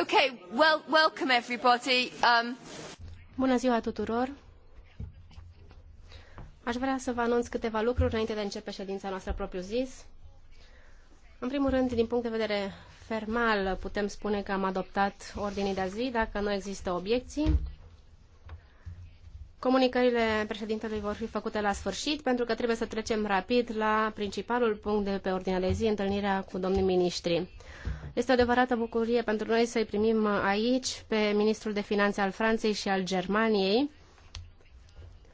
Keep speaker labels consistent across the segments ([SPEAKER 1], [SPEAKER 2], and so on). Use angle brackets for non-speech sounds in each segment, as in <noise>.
[SPEAKER 1] Okay, well, welcome everybody. Um... Bună ziua tuturor. Aș vrea să vă anunț câteva lucruri înainte de a începe ședința noastră propriu-zis. În primul rând, din punct de vedere formal, putem spune că am adoptat ordinii de zi. Dacă nu există obiecții, Comunicările președintelui vor fi făcute la sfârșit, pentru că trebuie să trecem rapid la principalul punct de pe ordinea de zi, întâlnirea cu domnii ministri. Este o adevărată bucurie pentru noi să-i primim aici pe ministrul de finanțe al Franței și al Germaniei.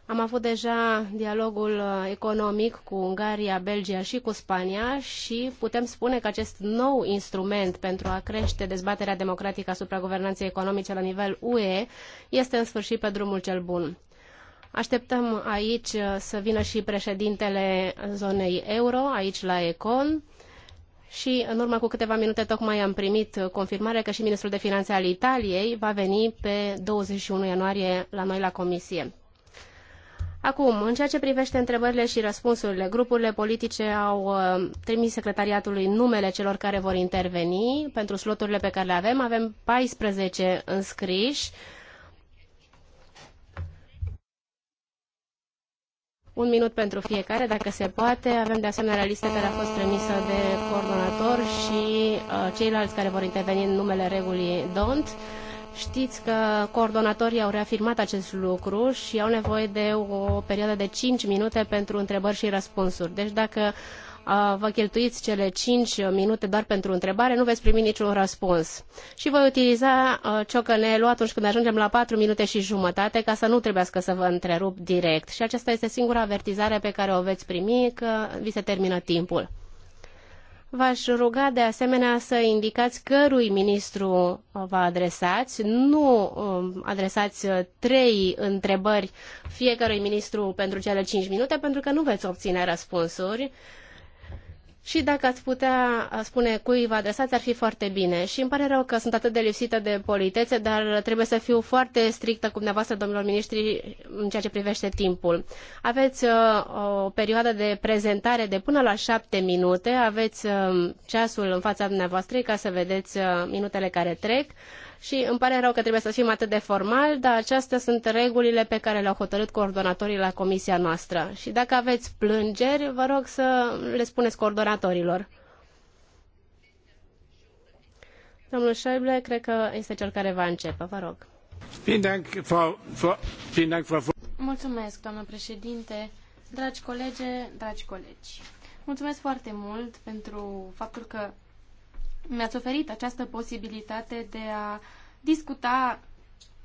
[SPEAKER 1] Am avut deja dialogul economic cu Ungaria, Belgia și cu Spania și putem spune că acest nou instrument pentru a crește dezbaterea democratică asupra guvernanței economice la nivel UE este în sfârșit pe drumul cel bun. Așteptăm aici uh, să vină și președintele zonei euro, aici la Econ. Și în urmă cu câteva minute tocmai am primit uh, confirmarea că și ministrul de finanțe al Italiei va veni pe 21 ianuarie la noi la comisie. Acum, în ceea ce privește întrebările și răspunsurile, grupurile politice au uh, trimis secretariatului numele celor care vor interveni pentru sloturile pe care le avem. Avem 14 înscriși un minut pentru fiecare, dacă se poate. Avem de asemenea lista care a fost trimisă de coordonator și uh, ceilalți care vor interveni în numele regulii DONT. Știți că coordonatorii au reafirmat acest lucru și au nevoie de o perioadă de 5 minute pentru întrebări și răspunsuri. Deci dacă uh, vă cheltuiți cele cinci minute doar pentru întrebare, nu veți primi niciun răspuns. Și voi utiliza ciocănelul atunci când ajungem la patru minute și jumătate ca să nu trebuiască să vă întrerup direct. Și aceasta este singura avertizare pe care o veți primi că vi se termină timpul. V-aș ruga de asemenea să indicați cărui ministru vă adresați, nu adresați trei întrebări fiecărui ministru pentru cele cinci minute, pentru că nu veți obține răspunsuri și dacă ați putea spune cui vă adresați, ar fi foarte bine. Și îmi pare rău că sunt atât de lipsită de politețe, dar trebuie să fiu foarte strictă cu dumneavoastră, domnilor miniștri, în ceea ce privește timpul. Aveți uh, o perioadă de prezentare de până la șapte minute, aveți uh, ceasul în fața dumneavoastră ca să vedeți uh, minutele care trec. Uh, și îmi pare rău că trebuie să fim atât de formal, dar acestea sunt regulile pe care le-au hotărât coordonatorii la comisia noastră. Și dacă aveți plângeri, vă rog să le spuneți coordonatorilor. Domnul Schäuble, cred că este cel care va începe. Vă rog.
[SPEAKER 2] Mulțumesc, doamnă președinte, dragi colege, dragi colegi. Mulțumesc foarte mult pentru faptul că mi-ați oferit această posibilitate de a discuta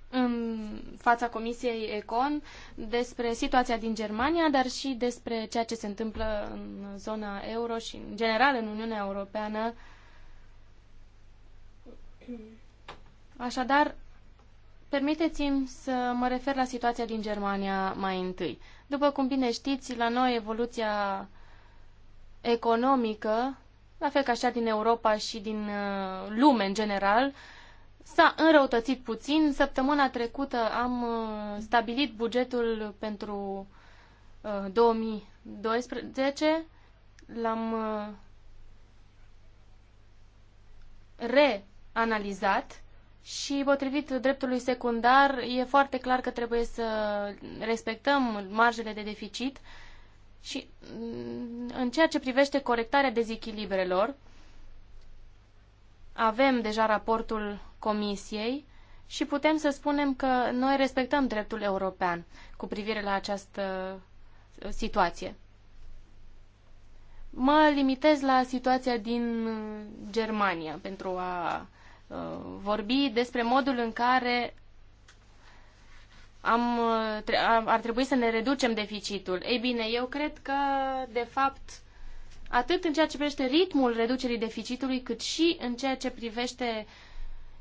[SPEAKER 2] în fața Comisiei Econ despre situația din Germania, dar și despre ceea ce se întâmplă în zona euro și în general în Uniunea Europeană. Așadar, permiteți-mi să mă refer la situația din Germania mai întâi. După cum bine știți, la noi evoluția economică la fel ca și din Europa și din uh, lume în general, s-a înrăutățit puțin. Săptămâna trecută am uh, stabilit bugetul pentru 2012. Uh, L-am reanalizat și potrivit dreptului secundar e foarte clar că trebuie să respectăm marjele de deficit și mm, în ceea ce privește corectarea dezechilibrelor, avem deja raportul Comisiei și putem să spunem că noi respectăm dreptul european cu privire la această uh, situație. Mă limitez la situația din uh, Germania pentru a uh, vorbi despre modul în care am, ar trebui să ne reducem deficitul. Ei bine, eu cred că, de fapt, atât în ceea ce privește ritmul reducerii deficitului, cât și în ceea ce privește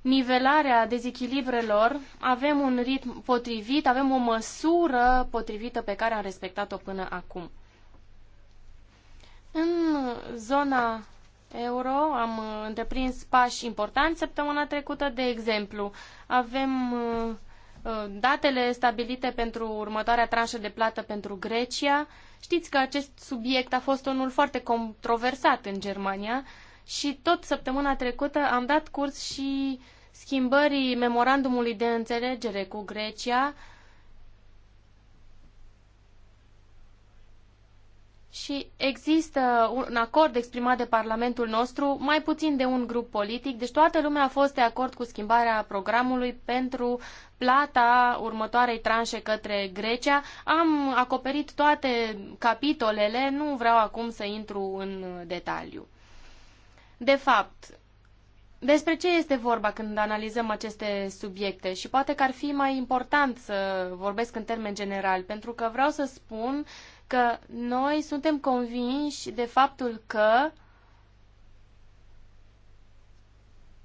[SPEAKER 2] nivelarea dezechilibrelor, avem un ritm potrivit, avem o măsură potrivită pe care am respectat-o până acum. În zona euro am întreprins pași importanti săptămâna trecută, de exemplu, avem uh, Uh, datele stabilite pentru următoarea tranșă de plată pentru Grecia. Știți că acest subiect a fost unul foarte controversat în Germania și tot săptămâna trecută am dat curs și schimbării memorandumului de înțelegere cu Grecia și există un acord exprimat de Parlamentul nostru, mai puțin de un grup politic, deci toată lumea a fost de acord cu schimbarea programului pentru plata următoarei tranșe către Grecia. Am acoperit toate capitolele, nu vreau acum să intru în detaliu. De fapt, despre ce este vorba când analizăm aceste subiecte și poate că ar fi mai important să vorbesc în termen general, pentru că vreau să spun că noi suntem convinși de faptul că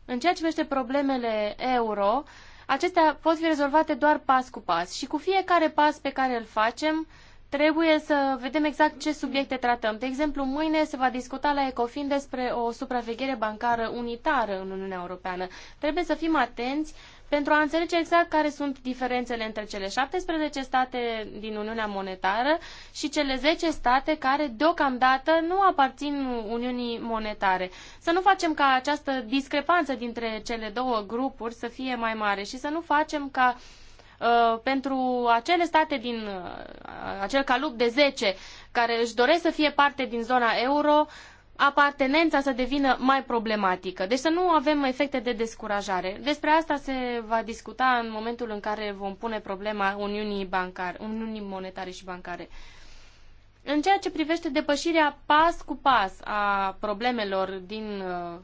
[SPEAKER 2] în ceea ce privește problemele euro, Acestea pot fi rezolvate doar pas cu pas și cu fiecare pas pe care îl facem, trebuie să vedem exact ce subiecte tratăm. De exemplu, mâine se va discuta la Ecofin despre o supraveghere bancară unitară în Uniunea Europeană. Trebuie să fim atenți pentru a înțelege exact care sunt diferențele între cele 17 state din Uniunea Monetară și cele 10 state care deocamdată nu aparțin Uniunii Monetare. Să nu facem ca această discrepanță dintre cele două grupuri să fie mai mare și să nu facem ca uh, pentru acele state din uh, acel calup de 10 care își doresc să fie parte din zona euro, apartenența să devină mai problematică. Deci să nu avem efecte de descurajare. Despre asta se va discuta în momentul în care vom pune problema Uniunii, bancare, Uniunii Monetare și Bancare. În ceea ce privește depășirea pas cu pas a problemelor din uh,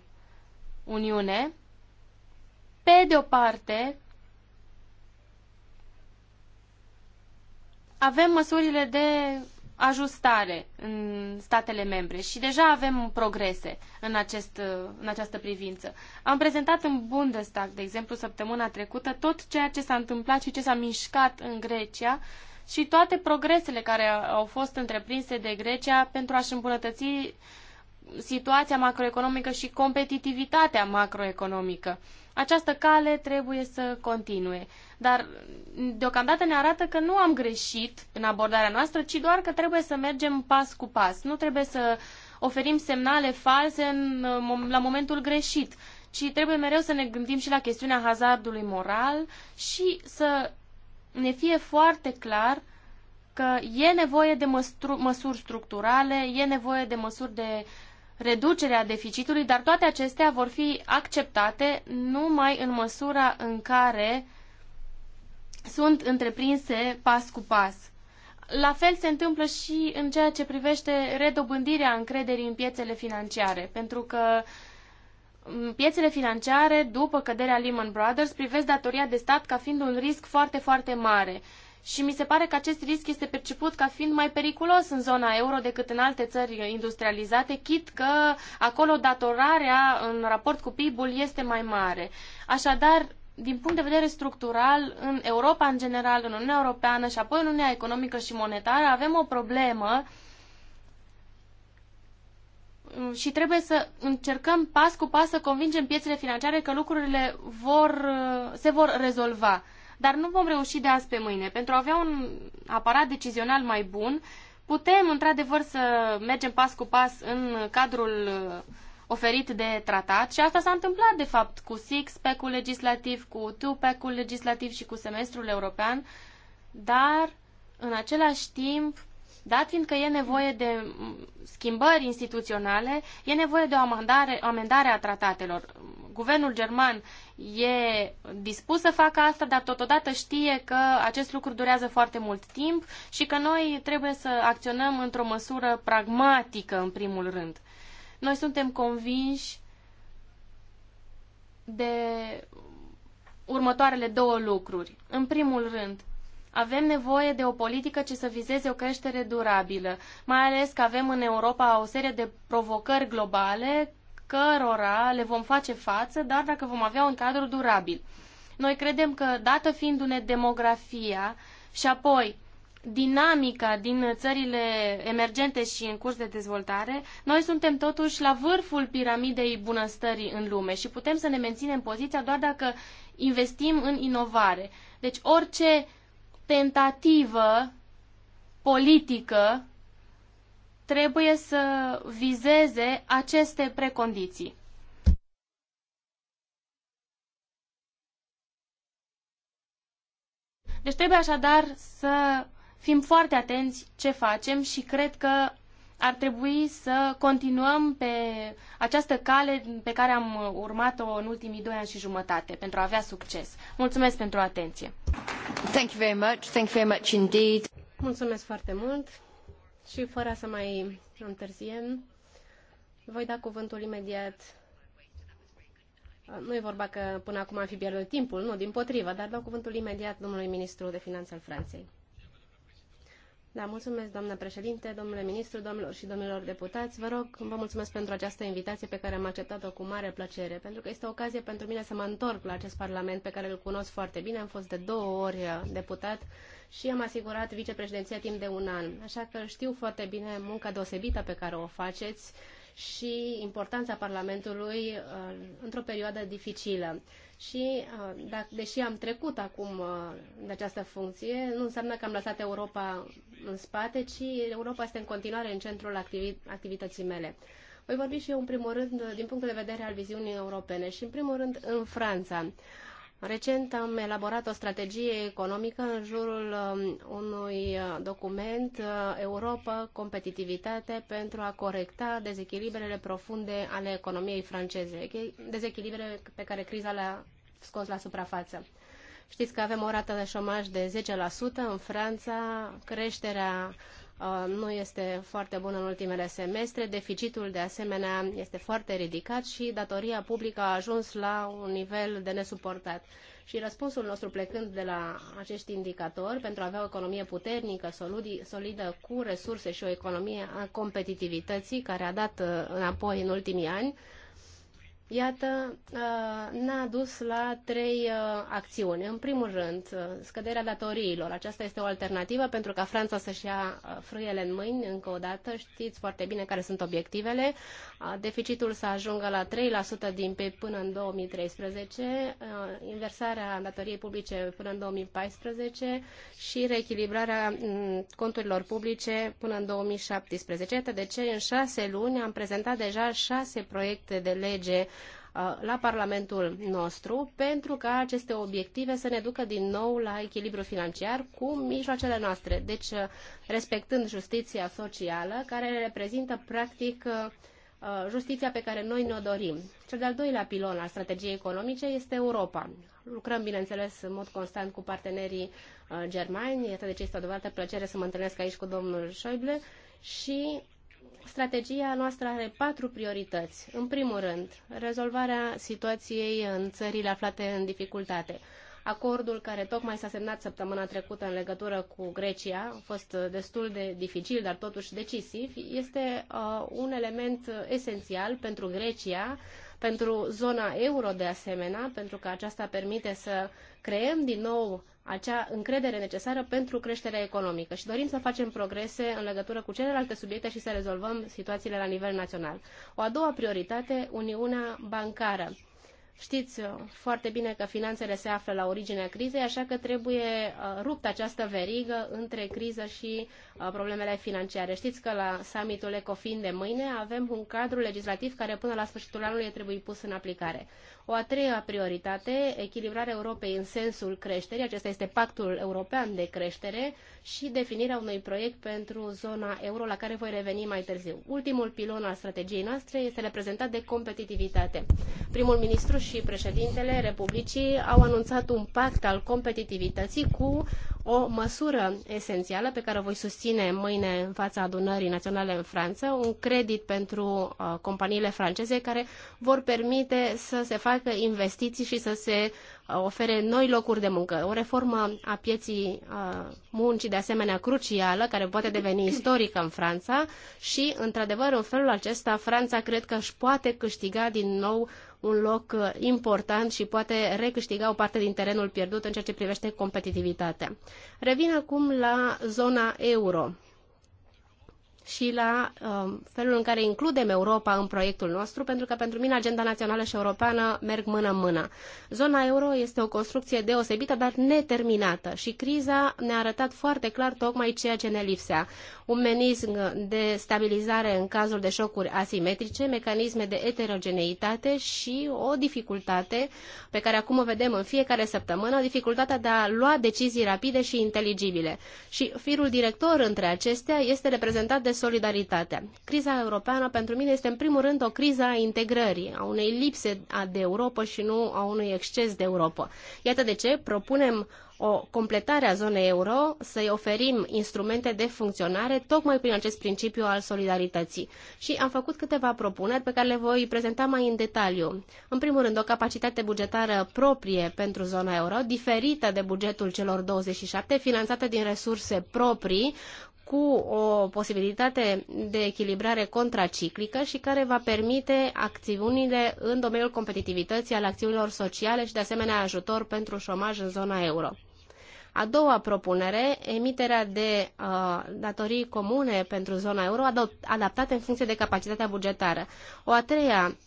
[SPEAKER 2] Uniune, pe de o parte, avem măsurile de ajustare în statele membre și deja avem progrese în, acest, în această privință. Am prezentat în Bundestag, de exemplu, săptămâna trecută, tot ceea ce s-a întâmplat și ce s-a mișcat în Grecia și toate progresele care au fost întreprinse de Grecia pentru a-și îmbunătăți situația macroeconomică și competitivitatea macroeconomică. Uh, această cale trebuie să continue. Dar deocamdată ne arată că nu am greșit în abordarea noastră, ci doar că trebuie să mergem pas cu pas. Nu trebuie să oferim semnale false în, la momentul greșit, ci trebuie mereu să ne gândim și la chestiunea hazardului moral și să ne fie foarte clar că e nevoie de măsuri structurale, e nevoie de măsuri de reducerea deficitului, dar toate acestea vor fi acceptate numai în măsura în care sunt întreprinse pas cu pas. La fel se întâmplă și în ceea ce privește redobândirea încrederii în piețele financiare, pentru că mm, piețele financiare, după căderea Lehman Brothers, privesc datoria de stat ca fiind un risc foarte, foarte mare și mi se pare că acest risc este perceput ca fiind mai periculos în zona euro decât în alte țări industrializate, chit că acolo datorarea în raport cu PIB-ul este mai mare. Așadar, din punct de vedere structural, în Europa în general, în Uniunea Europeană și apoi în Uniunea Economică și Monetară, avem o problemă și trebuie să încercăm pas cu pas să convingem piețele financiare că lucrurile vor, se vor rezolva. Dar nu vom reuși de azi pe mâine. Pentru a avea un aparat decizional mai bun, putem într-adevăr să mergem pas cu pas în cadrul uh, oferit de tratat și asta s-a întâmplat de fapt cu six-pack-ul legislativ, cu two-pack-ul legislativ și cu semestrul european, dar în același timp, dat fiindcă e nevoie de schimbări instituționale, e nevoie de o amendare, amendare a tratatelor. Guvernul german e dispus să facă asta, dar totodată știe că acest lucru durează foarte mult timp și că noi trebuie să acționăm într-o măsură pragmatică, în primul rând. Noi suntem convinși de următoarele două lucruri. În primul rând, avem nevoie de o politică ce să vizeze o creștere durabilă, mai ales că avem în Europa o serie de provocări globale cărora le vom face față, dar dacă vom avea un cadru durabil. Noi credem că, dată fiindu-ne demografia și apoi dinamica din țările emergente și în curs de dezvoltare, noi suntem totuși la vârful piramidei bunăstării în lume și putem să ne menținem poziția doar dacă investim în inovare. Deci orice tentativă politică trebuie să vizeze aceste precondiții. Deci trebuie așadar să fim foarte atenți ce facem și cred că ar trebui să continuăm pe această cale pe care am urmat-o în ultimii doi ani și jumătate pentru a avea succes. Mulțumesc pentru atenție.
[SPEAKER 3] Thank you very much. Thank you very much indeed.
[SPEAKER 1] Mulțumesc foarte mult. Și fără să mai întârziem, voi da cuvântul imediat. Nu e vorba că până acum am fi pierdut timpul, nu, din potrivă, dar dau cuvântul imediat domnului ministru de finanțe al Franței. Da, mulțumesc, doamnă președinte, domnule ministru, domnilor și domnilor deputați. Vă rog, vă mulțumesc pentru această invitație pe care am acceptat-o cu mare plăcere, pentru că este o ocazie pentru mine să mă întorc la acest parlament pe care îl cunosc foarte bine. Am fost de două ori uh, deputat și am asigurat vicepreședinția timp de un an. Așa că știu foarte bine munca deosebită pe care o faceți și importanța Parlamentului uh, într-o perioadă dificilă. Și uh, dacă, deși am trecut acum de uh, această funcție, nu înseamnă că am lăsat Europa în spate, ci Europa este în continuare în centrul activității mele. Voi vorbi și eu, în primul rând, din punctul de vedere al viziunii europene și, în primul rând, în Franța. Recent am elaborat o strategie economică în jurul um, unui uh, document uh, Europa, competitivitate pentru a corecta dezechilibrele profunde ale economiei franceze, dezechilibrele pe care criza le-a scos la suprafață. Știți că avem o rată de șomaj de 10% în Franța, creșterea Uh, nu este foarte bun în ultimele semestre, deficitul de asemenea este foarte ridicat și datoria publică a ajuns la un nivel de nesuportat. Și răspunsul nostru plecând de la acești indicatori pentru a avea o economie puternică, solidă, cu resurse și o economie a competitivității care a dat uh, înapoi în ultimii ani, iată, uh, ne-a dus la trei uh, acțiuni. În primul rând, uh, scăderea datoriilor. Aceasta este o alternativă pentru ca Franța să-și ia frâiele în mâini încă o dată. Știți foarte bine care sunt obiectivele. Deficitul să ajungă la 3% din PIB până în 2013, inversarea datoriei publice până în 2014 și reechilibrarea mm, conturilor publice până în 2017. Iată de ce în șase luni am prezentat deja șase proiecte de lege Uh, la Parlamentul nostru pentru ca aceste obiective să ne ducă din nou la echilibru financiar cu mijloacele noastre. Deci, uh, respectând justiția socială, care reprezintă practic uh, justiția pe care noi ne-o dorim. Cel de-al doilea pilon al strategiei economice este Europa. Lucrăm, bineînțeles, în mod constant cu partenerii germani, iată de ce este o adevărată plăcere să mă întâlnesc aici cu domnul Schäuble și Strategia noastră are patru priorități. În primul rând, rezolvarea situației în țările aflate în dificultate. Acordul care tocmai s-a semnat săptămâna trecută în legătură cu Grecia a fost destul de dificil, dar totuși decisiv. Este uh, un element esențial pentru Grecia, pentru zona euro de asemenea, pentru că aceasta permite să creăm din nou acea încredere necesară pentru creșterea economică și dorim să facem progrese în legătură cu celelalte subiecte și să rezolvăm situațiile la nivel național. O a doua prioritate, Uniunea Bancară. Știți uh, foarte bine că finanțele se află la originea crizei, așa că trebuie uh, ruptă această verigă între criză și uh, problemele financiare. Știți că la summitul ECOFIN de mâine avem un cadru legislativ care până la sfârșitul anului trebuie pus în aplicare. O a treia prioritate, echilibrarea Europei în sensul creșterii, acesta este pactul european de creștere și definirea unui proiect pentru zona euro, la care voi reveni mai târziu. Ultimul pilon al strategiei noastre este reprezentat de competitivitate. Primul ministru și președintele Republicii au anunțat un pact al competitivității cu o măsură esențială pe care o voi susține mâine în fața adunării naționale în Franță, un credit pentru uh, companiile franceze care vor permite să se facă investiții și să se uh, ofere noi locuri de muncă. O reformă a pieții uh, muncii de asemenea crucială, care poate deveni istorică în Franța și, într-adevăr, în felul acesta, Franța cred că își poate câștiga din nou un loc uh, important și poate recâștiga o parte din terenul pierdut în ceea ce privește competitivitatea. Revin acum la zona euro și la uh, felul în care includem Europa în proiectul nostru, pentru că pentru mine agenda națională și europeană merg mână în mână. Zona euro este o construcție deosebită, dar neterminată și criza ne-a arătat foarte clar tocmai ceea ce ne lipsea. Un mecanism de stabilizare în cazul de șocuri asimetrice, mecanisme de eterogeneitate și o dificultate pe care acum o vedem în fiecare săptămână, dificultatea de a lua decizii rapide și inteligibile. Și firul director între acestea este reprezentat de solidaritatea. Criza europeană pentru mine este în primul rând o criză a integrării, a unei lipse de Europa și nu a unui exces de Europa. Iată de ce propunem o completare a zonei euro, să-i oferim instrumente de funcționare tocmai prin acest principiu al solidarității. Și am făcut câteva propuneri pe care le voi prezenta mai în detaliu. În primul rând, o capacitate bugetară proprie pentru zona euro, diferită de bugetul celor 27, finanțată din resurse proprii, cu o posibilitate de echilibrare contraciclică și care va permite acțiunile în domeniul competitivității al acțiunilor sociale și de asemenea ajutor pentru șomaj în zona euro. A doua propunere, emiterea de uh, datorii comune pentru zona euro adaptate în funcție de capacitatea bugetară. O a treia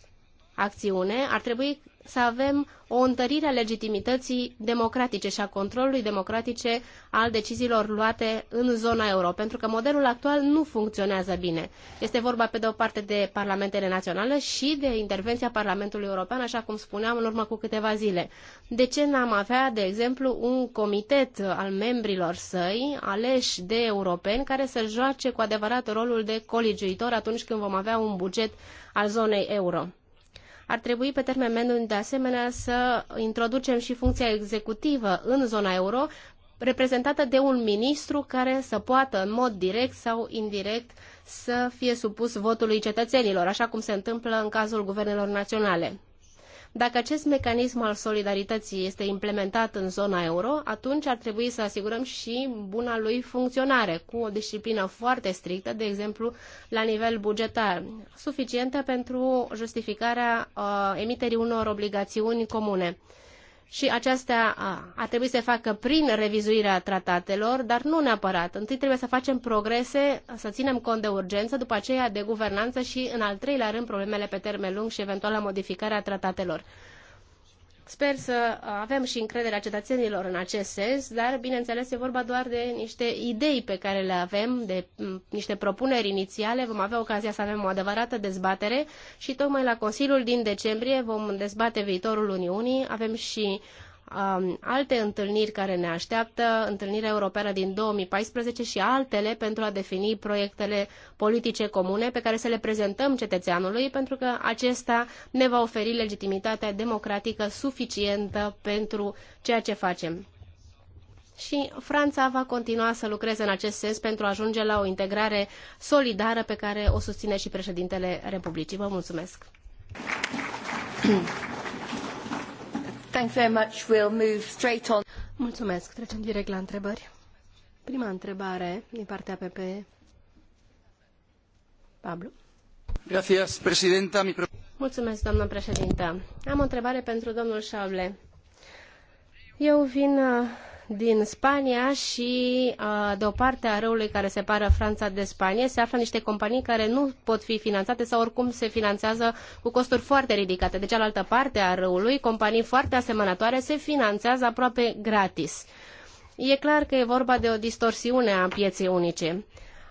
[SPEAKER 1] acțiune ar trebui să avem o întărire a legitimității democratice și a controlului democratice al deciziilor luate în zona euro, pentru că modelul actual nu funcționează bine. Este vorba pe de o parte de parlamentele naționale și de intervenția Parlamentului European, așa cum spuneam în urmă cu câteva zile. De ce n-am avea, de exemplu, un comitet al membrilor săi, aleși de europeni, care să joace cu adevărat rolul de colegiuitor atunci când vom avea un buget al zonei euro? Ar trebui pe termen mediu de asemenea să introducem și funcția executivă în zona euro, reprezentată de un ministru care să poată în mod direct sau indirect să fie supus votului cetățenilor, așa cum se întâmplă în cazul guvernelor naționale. Dacă acest mecanism al solidarității este implementat în zona euro, atunci ar trebui să asigurăm și buna lui funcționare, cu o disciplină foarte strictă, de exemplu, la nivel bugetar, suficientă pentru justificarea uh, emiterii unor obligațiuni comune și acestea a, trebui să facă prin revizuirea tratatelor, dar nu neapărat. Întâi trebuie să facem progrese, să ținem cont de urgență, după aceea de guvernanță și, în al treilea rând, problemele pe termen lung și eventuala modificarea tratatelor. Sper să avem și încrederea cetățenilor în acest sens, dar, bineînțeles, e vorba doar de niște idei pe care le avem, de mm, niște propuneri inițiale. Vom avea ocazia să avem o adevărată dezbatere și tocmai la Consiliul din decembrie vom dezbate viitorul Uniunii. Avem și alte întâlniri care ne așteaptă, întâlnirea europeană din 2014 și altele pentru a defini proiectele politice comune pe care să le prezentăm cetățeanului, pentru că acesta ne va oferi legitimitatea democratică suficientă pentru ceea ce facem. Și Franța va continua să lucreze în acest sens pentru a ajunge la o integrare solidară pe care o susține și președintele Republicii. Vă mulțumesc!
[SPEAKER 3] Mulțumesc. Trecem direct la întrebări. Prima întrebare
[SPEAKER 1] din partea PP. Pablo.
[SPEAKER 2] Gracias, presidenta. Mi...
[SPEAKER 1] Mulțumesc, doamnă președintă. Am o întrebare pentru domnul Șable. Eu vin uh, din Spania și de o parte a râului care separă Franța de Spania se află niște companii care nu pot fi finanțate sau oricum se finanțează cu costuri foarte ridicate. De cealaltă parte a râului, companii foarte asemănătoare se finanțează aproape gratis. E clar că e vorba de o distorsiune a pieței unice.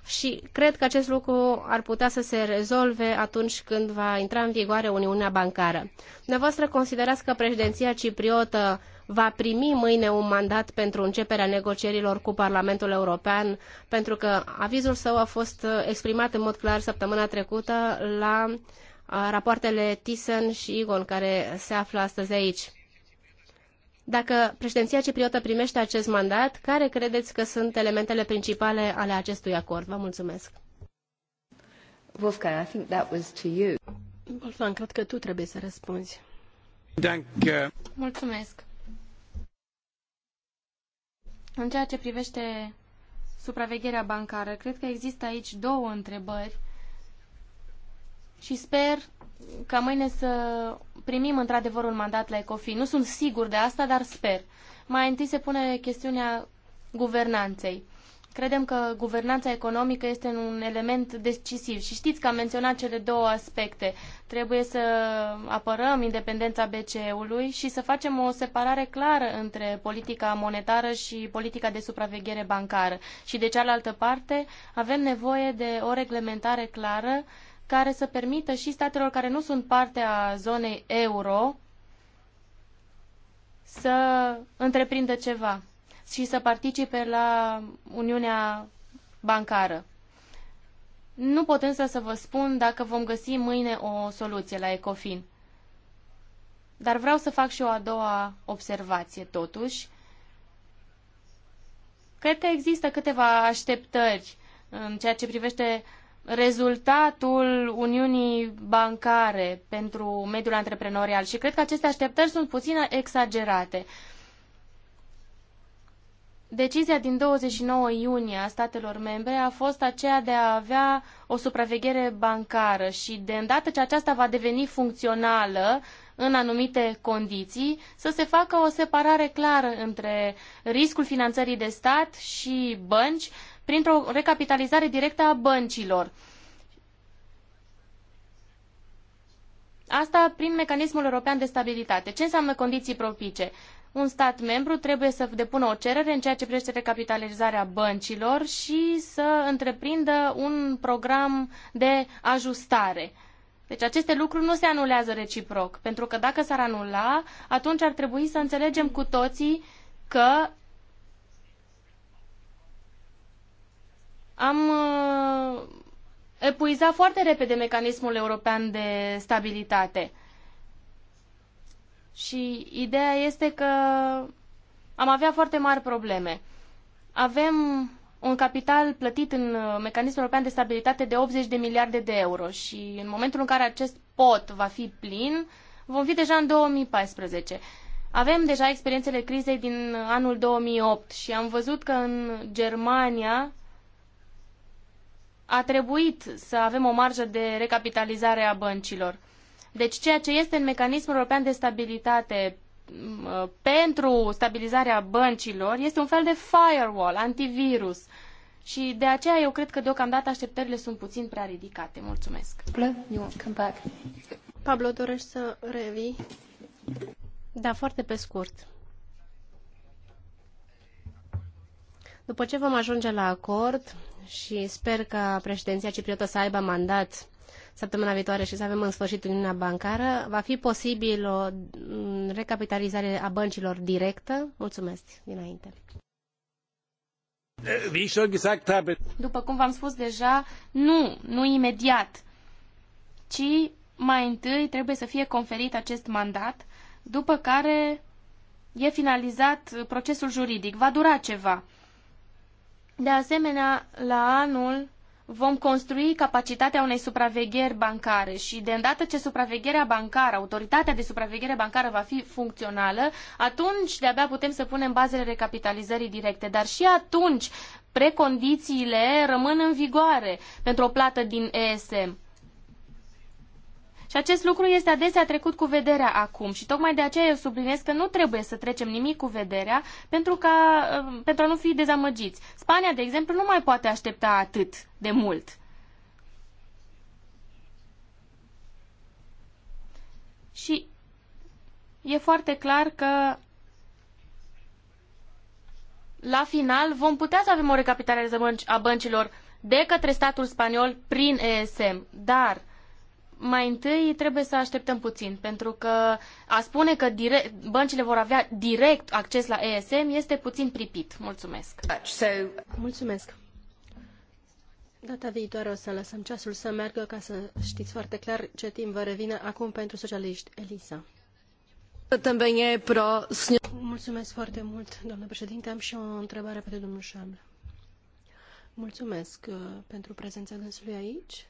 [SPEAKER 1] Și cred că acest lucru ar putea să se rezolve atunci când va intra în vigoare Uniunea Bancară. Dumneavoastră considerați că președinția cipriotă va primi mâine un mandat pentru începerea negocierilor cu Parlamentul European, pentru că avizul său a fost uh, exprimat în mod clar săptămâna trecută la uh, rapoartele Thyssen și Igon, care se află astăzi aici. Dacă președinția cipriotă primește acest mandat, care credeți că sunt elementele principale ale acestui acord? Vă mulțumesc. Wolfgang, I think that was to you.
[SPEAKER 2] Wolfgang, cred că tu trebuie să răspunzi. Mulțumesc. În ceea ce privește supravegherea bancară, cred că există aici două întrebări și sper ca mâine să primim într-adevăr un mandat la ECOFIN. Nu sunt sigur de asta, dar sper. Mai întâi se pune chestiunea guvernanței. Credem că guvernanța economică este un element decisiv și știți că am menționat cele două aspecte. Trebuie să apărăm independența BCE-ului și să facem o separare clară între politica monetară și politica de supraveghere bancară. Și de cealaltă parte avem nevoie de o reglementare clară care să permită și statelor care nu sunt parte a zonei euro să întreprindă ceva și să participe la Uniunea Bancară. Nu pot însă să vă spun dacă vom găsi mâine o soluție la ECOFIN. Dar vreau să fac și o a doua observație, totuși. Cred că există câteva așteptări în ceea ce privește rezultatul Uniunii Bancare pentru mediul antreprenorial și cred că aceste așteptări sunt puțin exagerate. Decizia din 29 iunie a statelor membre a fost aceea de a avea o supraveghere bancară și de îndată ce aceasta va deveni funcțională în anumite condiții, să se facă o separare clară între riscul finanțării de stat și bănci printr-o recapitalizare directă a băncilor. Asta prin mecanismul european de stabilitate. Ce înseamnă condiții propice? un stat membru trebuie să depună o cerere în ceea ce privește recapitalizarea băncilor și să întreprindă un program de ajustare. Deci aceste lucruri nu se anulează reciproc, pentru că dacă s-ar anula, atunci ar trebui să înțelegem cu toții că am uh, epuizat foarte repede mecanismul european de stabilitate. Și ideea este că am avea foarte mari probleme. Avem un capital plătit în uh, mecanismul european de stabilitate de 80 de miliarde de euro și în momentul în care acest pot va fi plin, vom fi deja în 2014. Avem deja experiențele crizei din anul 2008 și am văzut că în Germania a trebuit să avem o marjă de recapitalizare a băncilor. Deci ceea ce este în mecanismul european de stabilitate uh, pentru stabilizarea băncilor este un fel de firewall, antivirus. Și de aceea eu cred că deocamdată așteptările sunt puțin prea ridicate. Mulțumesc. Pablo, dorești
[SPEAKER 1] să revii? Da, foarte pe scurt. După ce vom ajunge la acord și sper că președinția cipriotă să aibă mandat săptămâna viitoare și să avem în sfârșit Uniunea Bancară. Va fi posibil o mm, recapitalizare a băncilor
[SPEAKER 2] directă? Mulțumesc dinainte. Eh, după cum v-am spus deja, nu, nu imediat, ci mai întâi trebuie să fie conferit acest mandat, după care e finalizat procesul juridic. Va dura ceva. De asemenea, la anul vom construi capacitatea unei supravegheri bancare și de îndată ce supravegherea bancară, autoritatea de supraveghere bancară va fi funcțională, atunci de-abia putem să punem bazele recapitalizării directe. Dar și atunci precondițiile rămân în vigoare pentru o plată din ESM. Și acest lucru este adesea trecut cu vederea acum și tocmai de aceea eu subliniez că nu trebuie să trecem nimic cu vederea pentru, ca, um, pentru a nu fi dezamăgiți. Spania, de exemplu, nu mai poate aștepta atât de mult. Și e foarte clar că la final vom putea să avem o recapitalizare a băncilor de către statul spaniol prin ESM, dar mai întâi trebuie să așteptăm puțin, pentru că a spune că direct, băncile vor avea direct acces la ESM este puțin pripit. Mulțumesc. Mulțumesc.
[SPEAKER 3] Data viitoare o să lăsăm ceasul să meargă ca să știți foarte clar ce timp vă revine acum pentru socialiști. Elisa. Mulțumesc foarte mult, doamnă președinte. Am și o întrebare pentru domnul Șamlă. Mulțumesc uh, pentru prezența dânsului aici.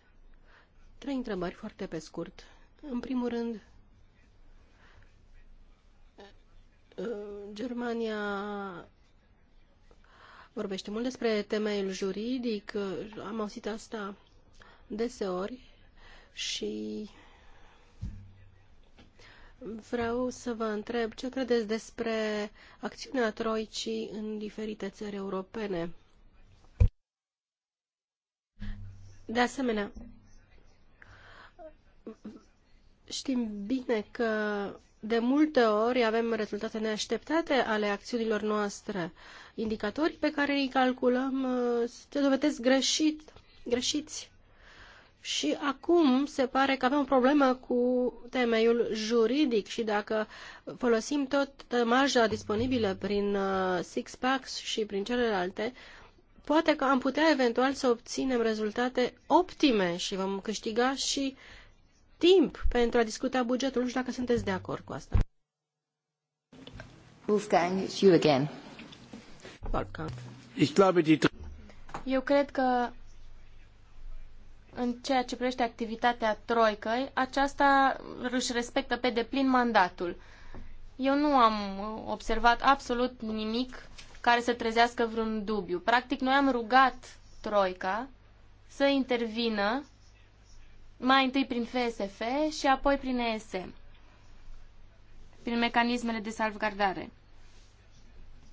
[SPEAKER 3] Trei întrebări foarte pe scurt. În primul rând, Germania vorbește mult despre temeiul juridic, am auzit asta deseori și vreau să vă întreb ce credeți despre acțiunea Troicii în diferite țări europene. De asemenea, Știm bine că de multe ori avem rezultate neașteptate ale acțiunilor noastre. indicatorii pe care îi calculăm uh, se dovedesc greșit, greșiți. Și acum se pare că avem o problemă cu temeiul juridic și dacă folosim tot marja disponibilă prin uh, six-packs și prin celelalte, poate că am putea eventual să obținem rezultate optime și vom câștiga și uh, timp pentru a discuta bugetul. Nu știu dacă sunteți de acord cu asta.
[SPEAKER 2] Wolfgang, it's you again. Eu cred că în ceea ce privește activitatea Troicăi, aceasta își respectă pe deplin mandatul. Eu nu am observat absolut nimic care să trezească vreun dubiu. Practic, noi am rugat Troica să intervină mai întâi prin FSF și apoi prin ESM, prin mecanismele de salvgardare.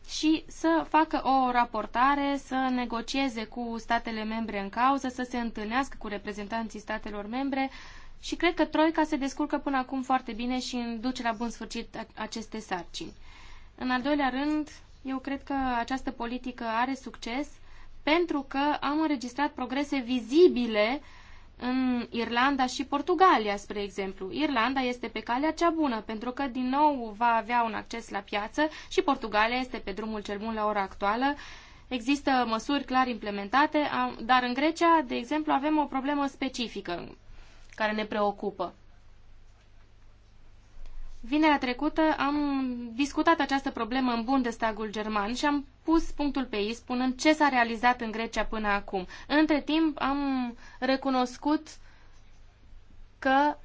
[SPEAKER 2] Și să facă o raportare, să negocieze cu statele membre în cauză, să se întâlnească cu reprezentanții statelor membre și cred că Troica se descurcă până acum foarte bine și duce la bun sfârșit aceste sarcini. În al doilea rând, eu cred că această politică are succes pentru că am înregistrat progrese vizibile în Irlanda și Portugalia, spre exemplu. Irlanda este pe calea cea bună, pentru că din nou va avea un acces la piață și Portugalia este pe drumul cel bun la ora actuală. Există măsuri clar implementate, dar în Grecia, de exemplu, avem o problemă specifică care ne preocupă. Vinerea trecută am discutat această problemă în Bundestagul german și am pus punctul pe ei spunând ce s-a realizat în Grecia până acum. Între timp am recunoscut că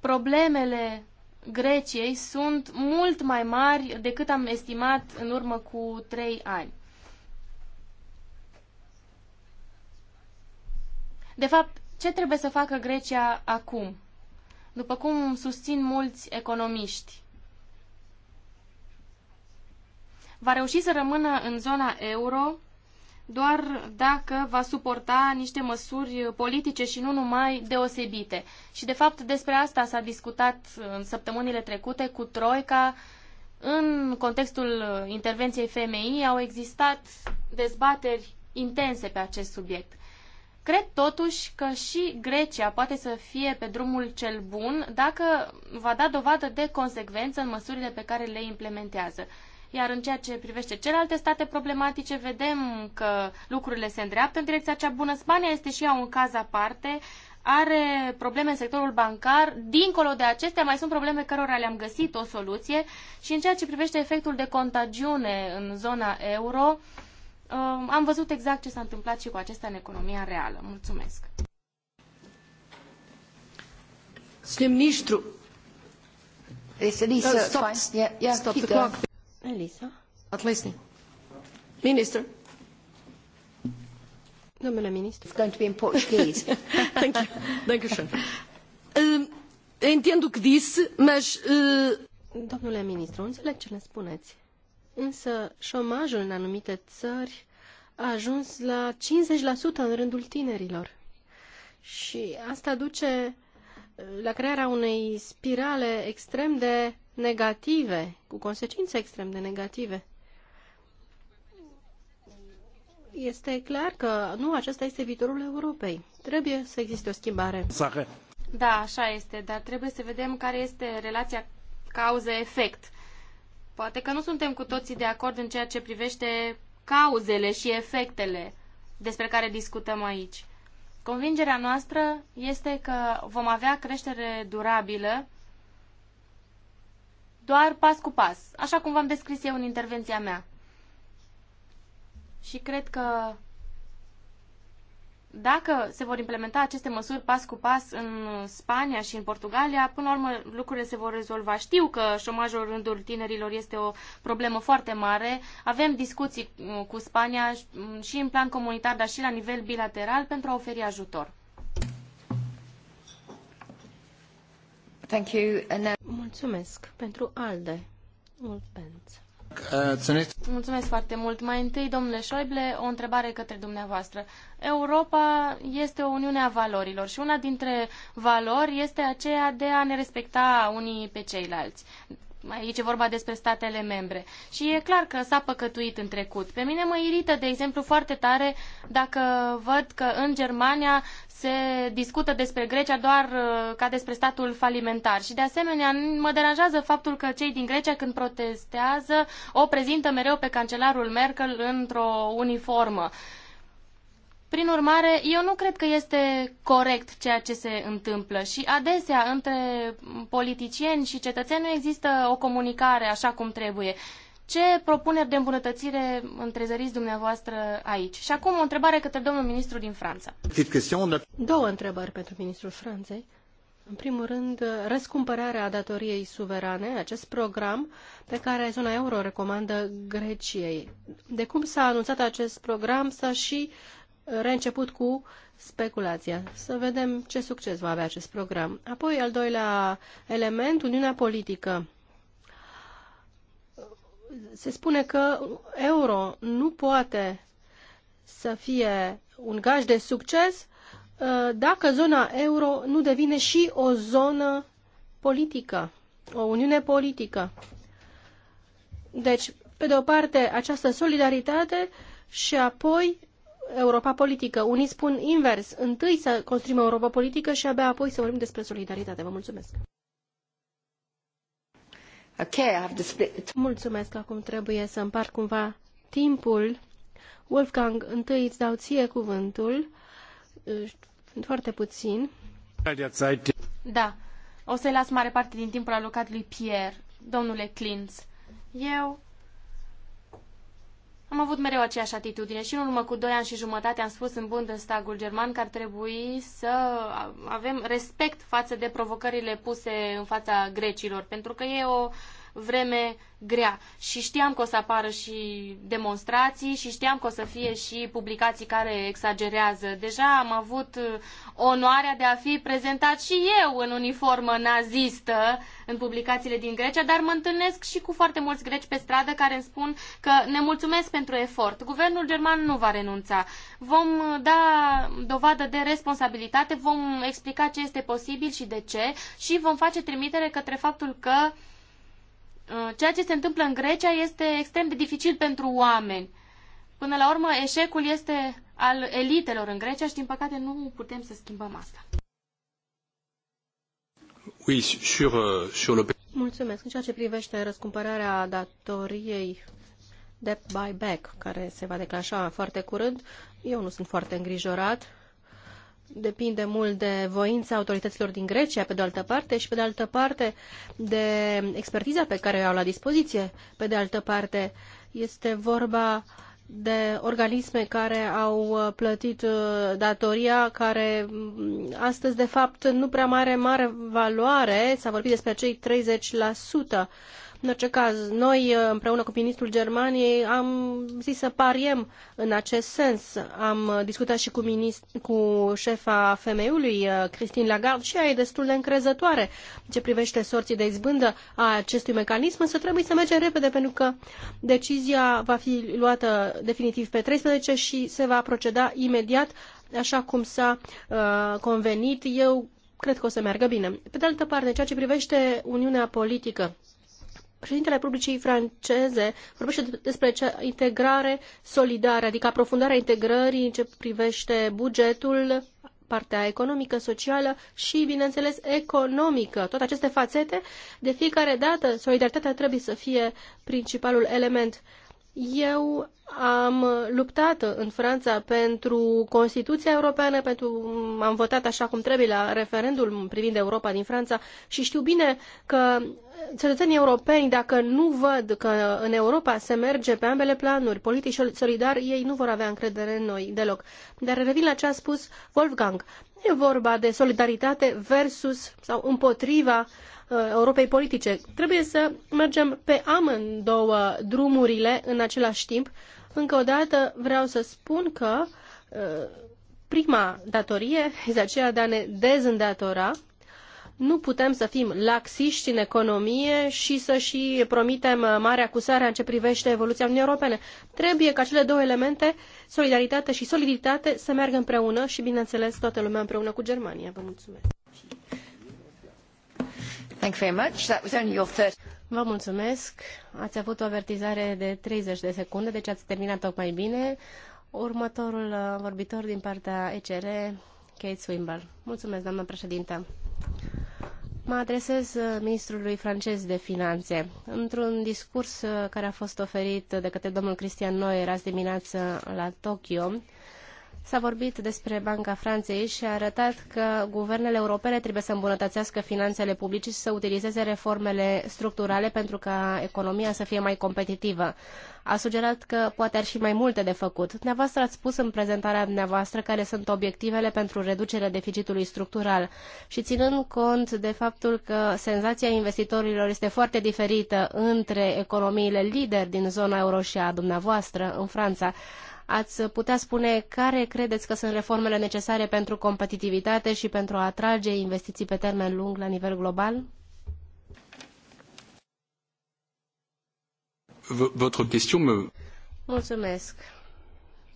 [SPEAKER 2] problemele Greciei sunt mult mai mari decât am estimat în urmă cu trei ani. De fapt, ce trebuie să facă Grecia acum? după cum susțin mulți economiști. Va reuși să rămână în zona euro doar dacă va suporta niște măsuri politice și nu numai deosebite. Și de fapt despre asta s-a discutat în săptămânile trecute cu Troica. În contextul intervenției femeii au existat dezbateri intense pe acest subiect. Cred totuși că și Grecia poate să fie pe drumul cel bun dacă va da dovadă de consecvență în măsurile pe care le implementează. Iar în ceea ce privește celelalte state problematice, vedem că lucrurile se îndreaptă în direcția cea bună. Spania este și ea un caz aparte, are probleme în sectorul bancar. Dincolo de acestea, mai sunt probleme cărora le-am găsit o soluție și în ceea ce privește efectul de contagiune în zona euro, uh, am văzut exact ce s-a întâmplat și cu acesta în economia reală. Mulțumesc.
[SPEAKER 3] Domnule ministru, stop. the clock. Elisa. Minister. Domnule ministru. It's going to be in Portuguese. <laughs> Thank you. Thank you, uh, Entendo o que disse, mas... Uh... Domnule ministru, înțeleg ce ne spuneți însă șomajul în anumite țări a ajuns la 50% în rândul tinerilor. Și asta duce uh, la crearea unei spirale extrem de negative, cu consecințe extrem de negative. Este clar că nu acesta este viitorul Europei. Trebuie să existe o schimbare.
[SPEAKER 2] Da, așa este, dar trebuie să vedem care este relația cauză-efect. Poate că nu suntem cu toții de acord în ceea ce privește cauzele și efectele despre care discutăm aici. Convingerea noastră este că vom avea creștere durabilă doar pas cu pas, așa cum v-am descris eu în intervenția mea. Și cred că dacă se vor implementa aceste măsuri pas cu pas în Spania și în Portugalia, până la urmă lucrurile se vor rezolva. Știu că șomajul rândul tinerilor este o problemă foarte mare. Avem discuții uh, cu Spania mm, și în plan comunitar, dar și la nivel bilateral pentru a oferi ajutor.
[SPEAKER 3] Thank you. Mulțumesc pentru ALDE.
[SPEAKER 2] Mulțumesc. Mulțumesc foarte mult. Mai întâi, domnule Schäuble, o întrebare către dumneavoastră. Europa este o uniune a valorilor și una dintre valori este aceea de a ne respecta unii pe ceilalți. Aici e vorba despre statele membre. Și e clar că s-a păcătuit în trecut. Pe mine mă irită, de exemplu, foarte tare dacă văd că în Germania se discută despre Grecia doar uh, ca despre statul falimentar. Și de asemenea mă deranjează faptul că cei din Grecia când protestează o prezintă mereu pe cancelarul Merkel într-o uniformă. Prin urmare, eu nu cred că este corect ceea ce se întâmplă și adesea între politicieni și cetățeni nu există o comunicare așa cum trebuie. Ce propuneri de îmbunătățire întrezăriți dumneavoastră aici? Și acum o întrebare către domnul ministru din Franța. Da. Două întrebări pentru ministrul Franței. În
[SPEAKER 3] primul rând, răscumpărarea datoriei suverane, acest program pe care zona euro recomandă Greciei. De cum s-a anunțat acest program, s-a și reînceput cu speculația. Să vedem ce succes va avea acest program. Apoi, al doilea element, Uniunea Politică. Se spune că euro nu poate să fie un gaj de succes uh, dacă zona euro nu devine și o zonă politică, o uniune politică. Deci, pe de o parte, această solidaritate și apoi Europa politică. Unii spun invers, întâi să construim Europa politică și abia apoi să vorbim despre solidaritate. Vă mulțumesc! Okay, I have to split. Mulțumesc, acum trebuie să împart cumva timpul. Wolfgang, întâi îți dau ție
[SPEAKER 2] cuvântul. Sunt foarte puțin. Da, o să-i las mare parte din timpul alocat lui Pierre, domnule Clintz. Eu am avut mereu aceeași atitudine și în urmă cu doi ani și jumătate am spus în Bundestagul german că ar trebui să avem respect față de provocările puse în fața grecilor, pentru că e o uh, vreme grea și știam că o să apară și demonstrații și știam că o să fie și publicații care exagerează. Deja am avut uh, onoarea de a fi prezentat și eu în uniformă nazistă în publicațiile din Grecia, dar mă întâlnesc și cu foarte mulți greci pe stradă care îmi spun că ne mulțumesc pentru efort. Guvernul german nu va renunța. Vom uh, da dovadă de responsabilitate, vom explica ce este posibil și de ce și vom face trimitere către faptul că Uh, ceea ce se întâmplă în Grecia este extrem de dificil pentru oameni. Până la urmă, eșecul este al elitelor în Grecia și, din păcate, nu putem să schimbăm asta. Oui, sur, uh, sur le...
[SPEAKER 3] Mulțumesc. În ceea ce privește răscumpărarea datoriei debt buyback, care se va declanșa foarte curând, eu nu sunt foarte îngrijorat depinde mult de voința autorităților din Grecia, pe de altă parte, și pe de altă parte de expertiza pe care o au la dispoziție. Pe de altă parte, este vorba de organisme care au uh, plătit uh, datoria, care mm, astăzi, de fapt, nu prea mai are mare valoare. S-a vorbit despre cei 30% în orice caz, noi uh, împreună cu ministrul Germaniei am zis să pariem în acest sens. Am uh, discutat și cu, minist- cu șefa femeiului, uh, Christine Lagarde, și ea e destul de încrezătoare ce privește sorții de izbândă a acestui mecanism, însă trebuie să mergem repede pentru că decizia va fi luată definitiv pe 13 și se va proceda imediat așa cum s-a uh, convenit. Eu cred că o să meargă bine. Pe de altă parte, ceea ce privește Uniunea Politică, Președintele Republicii franceze vorbește despre integrare solidară, adică aprofundarea integrării în ce privește bugetul, partea economică, socială și, bineînțeles, economică. Toate aceste fațete, de fiecare dată, solidaritatea trebuie să fie principalul element. Eu am luptat în Franța pentru Constituția Europeană, pentru am votat așa cum trebuie la referendul privind Europa din Franța și știu bine că cetățenii europeni, dacă nu văd că în Europa se merge pe ambele planuri, politici solidari, ei nu vor avea încredere în noi deloc. Dar revin la ce a spus Wolfgang. E vorba de solidaritate versus sau împotriva Uh, Europei politice. Trebuie să mergem pe amândouă drumurile în același timp. Încă o dată vreau să spun că uh, prima datorie <laughs> este aceea de a ne dezîndatora. Nu putem să fim laxiști în economie și să și promitem marea acusare în ce privește evoluția Uniunii Europene. Trebuie ca cele două elemente, solidaritate și soliditate, să meargă împreună și, bineînțeles, toată lumea împreună cu Germania. Vă mulțumesc!
[SPEAKER 1] Vă mulțumesc. Ați avut o avertizare de 30 de secunde, deci ați terminat tocmai bine. Următorul uh, vorbitor din partea ECR, Kate Swinburne. Mulțumesc, doamnă președintă. Mă adresez uh, ministrului francez de finanțe. Într-un discurs uh, care a fost oferit de către domnul Cristian Noier azi dimineață la Tokyo, S-a vorbit despre Banca Franței și a arătat că guvernele europene trebuie să îmbunătățească finanțele publice și să utilizeze reformele structurale pentru ca economia să fie mai competitivă. A sugerat că poate ar fi mai multe de făcut. Dumneavoastră ați spus în prezentarea dumneavoastră care sunt obiectivele pentru reducerea deficitului structural și ținând cont de faptul că senzația investitorilor este foarte diferită între economiile lider din zona euro și a dumneavoastră în Franța, ați putea spune care credeți că sunt reformele necesare pentru competitivitate și pentru a atrage investiții pe termen lung la nivel global?
[SPEAKER 2] V Votre question me...
[SPEAKER 1] Mulțumesc.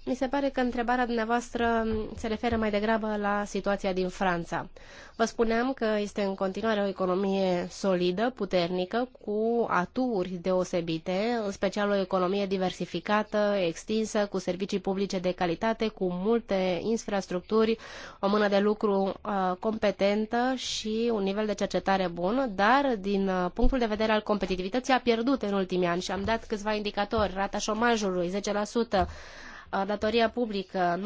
[SPEAKER 1] Mi se pare că întrebarea dumneavoastră se referă mai degrabă la situația din Franța. Vă spuneam că este în continuare o economie solidă, puternică, cu aturi deosebite, în special o economie diversificată, extinsă, cu servicii publice de calitate, cu multe infrastructuri, o mână de lucru uh, competentă și un nivel de cercetare bun, dar din uh, punctul de vedere al competitivității a pierdut în ultimii ani și am dat câțiva indicatori, rata șomajului 10%, datoria publică,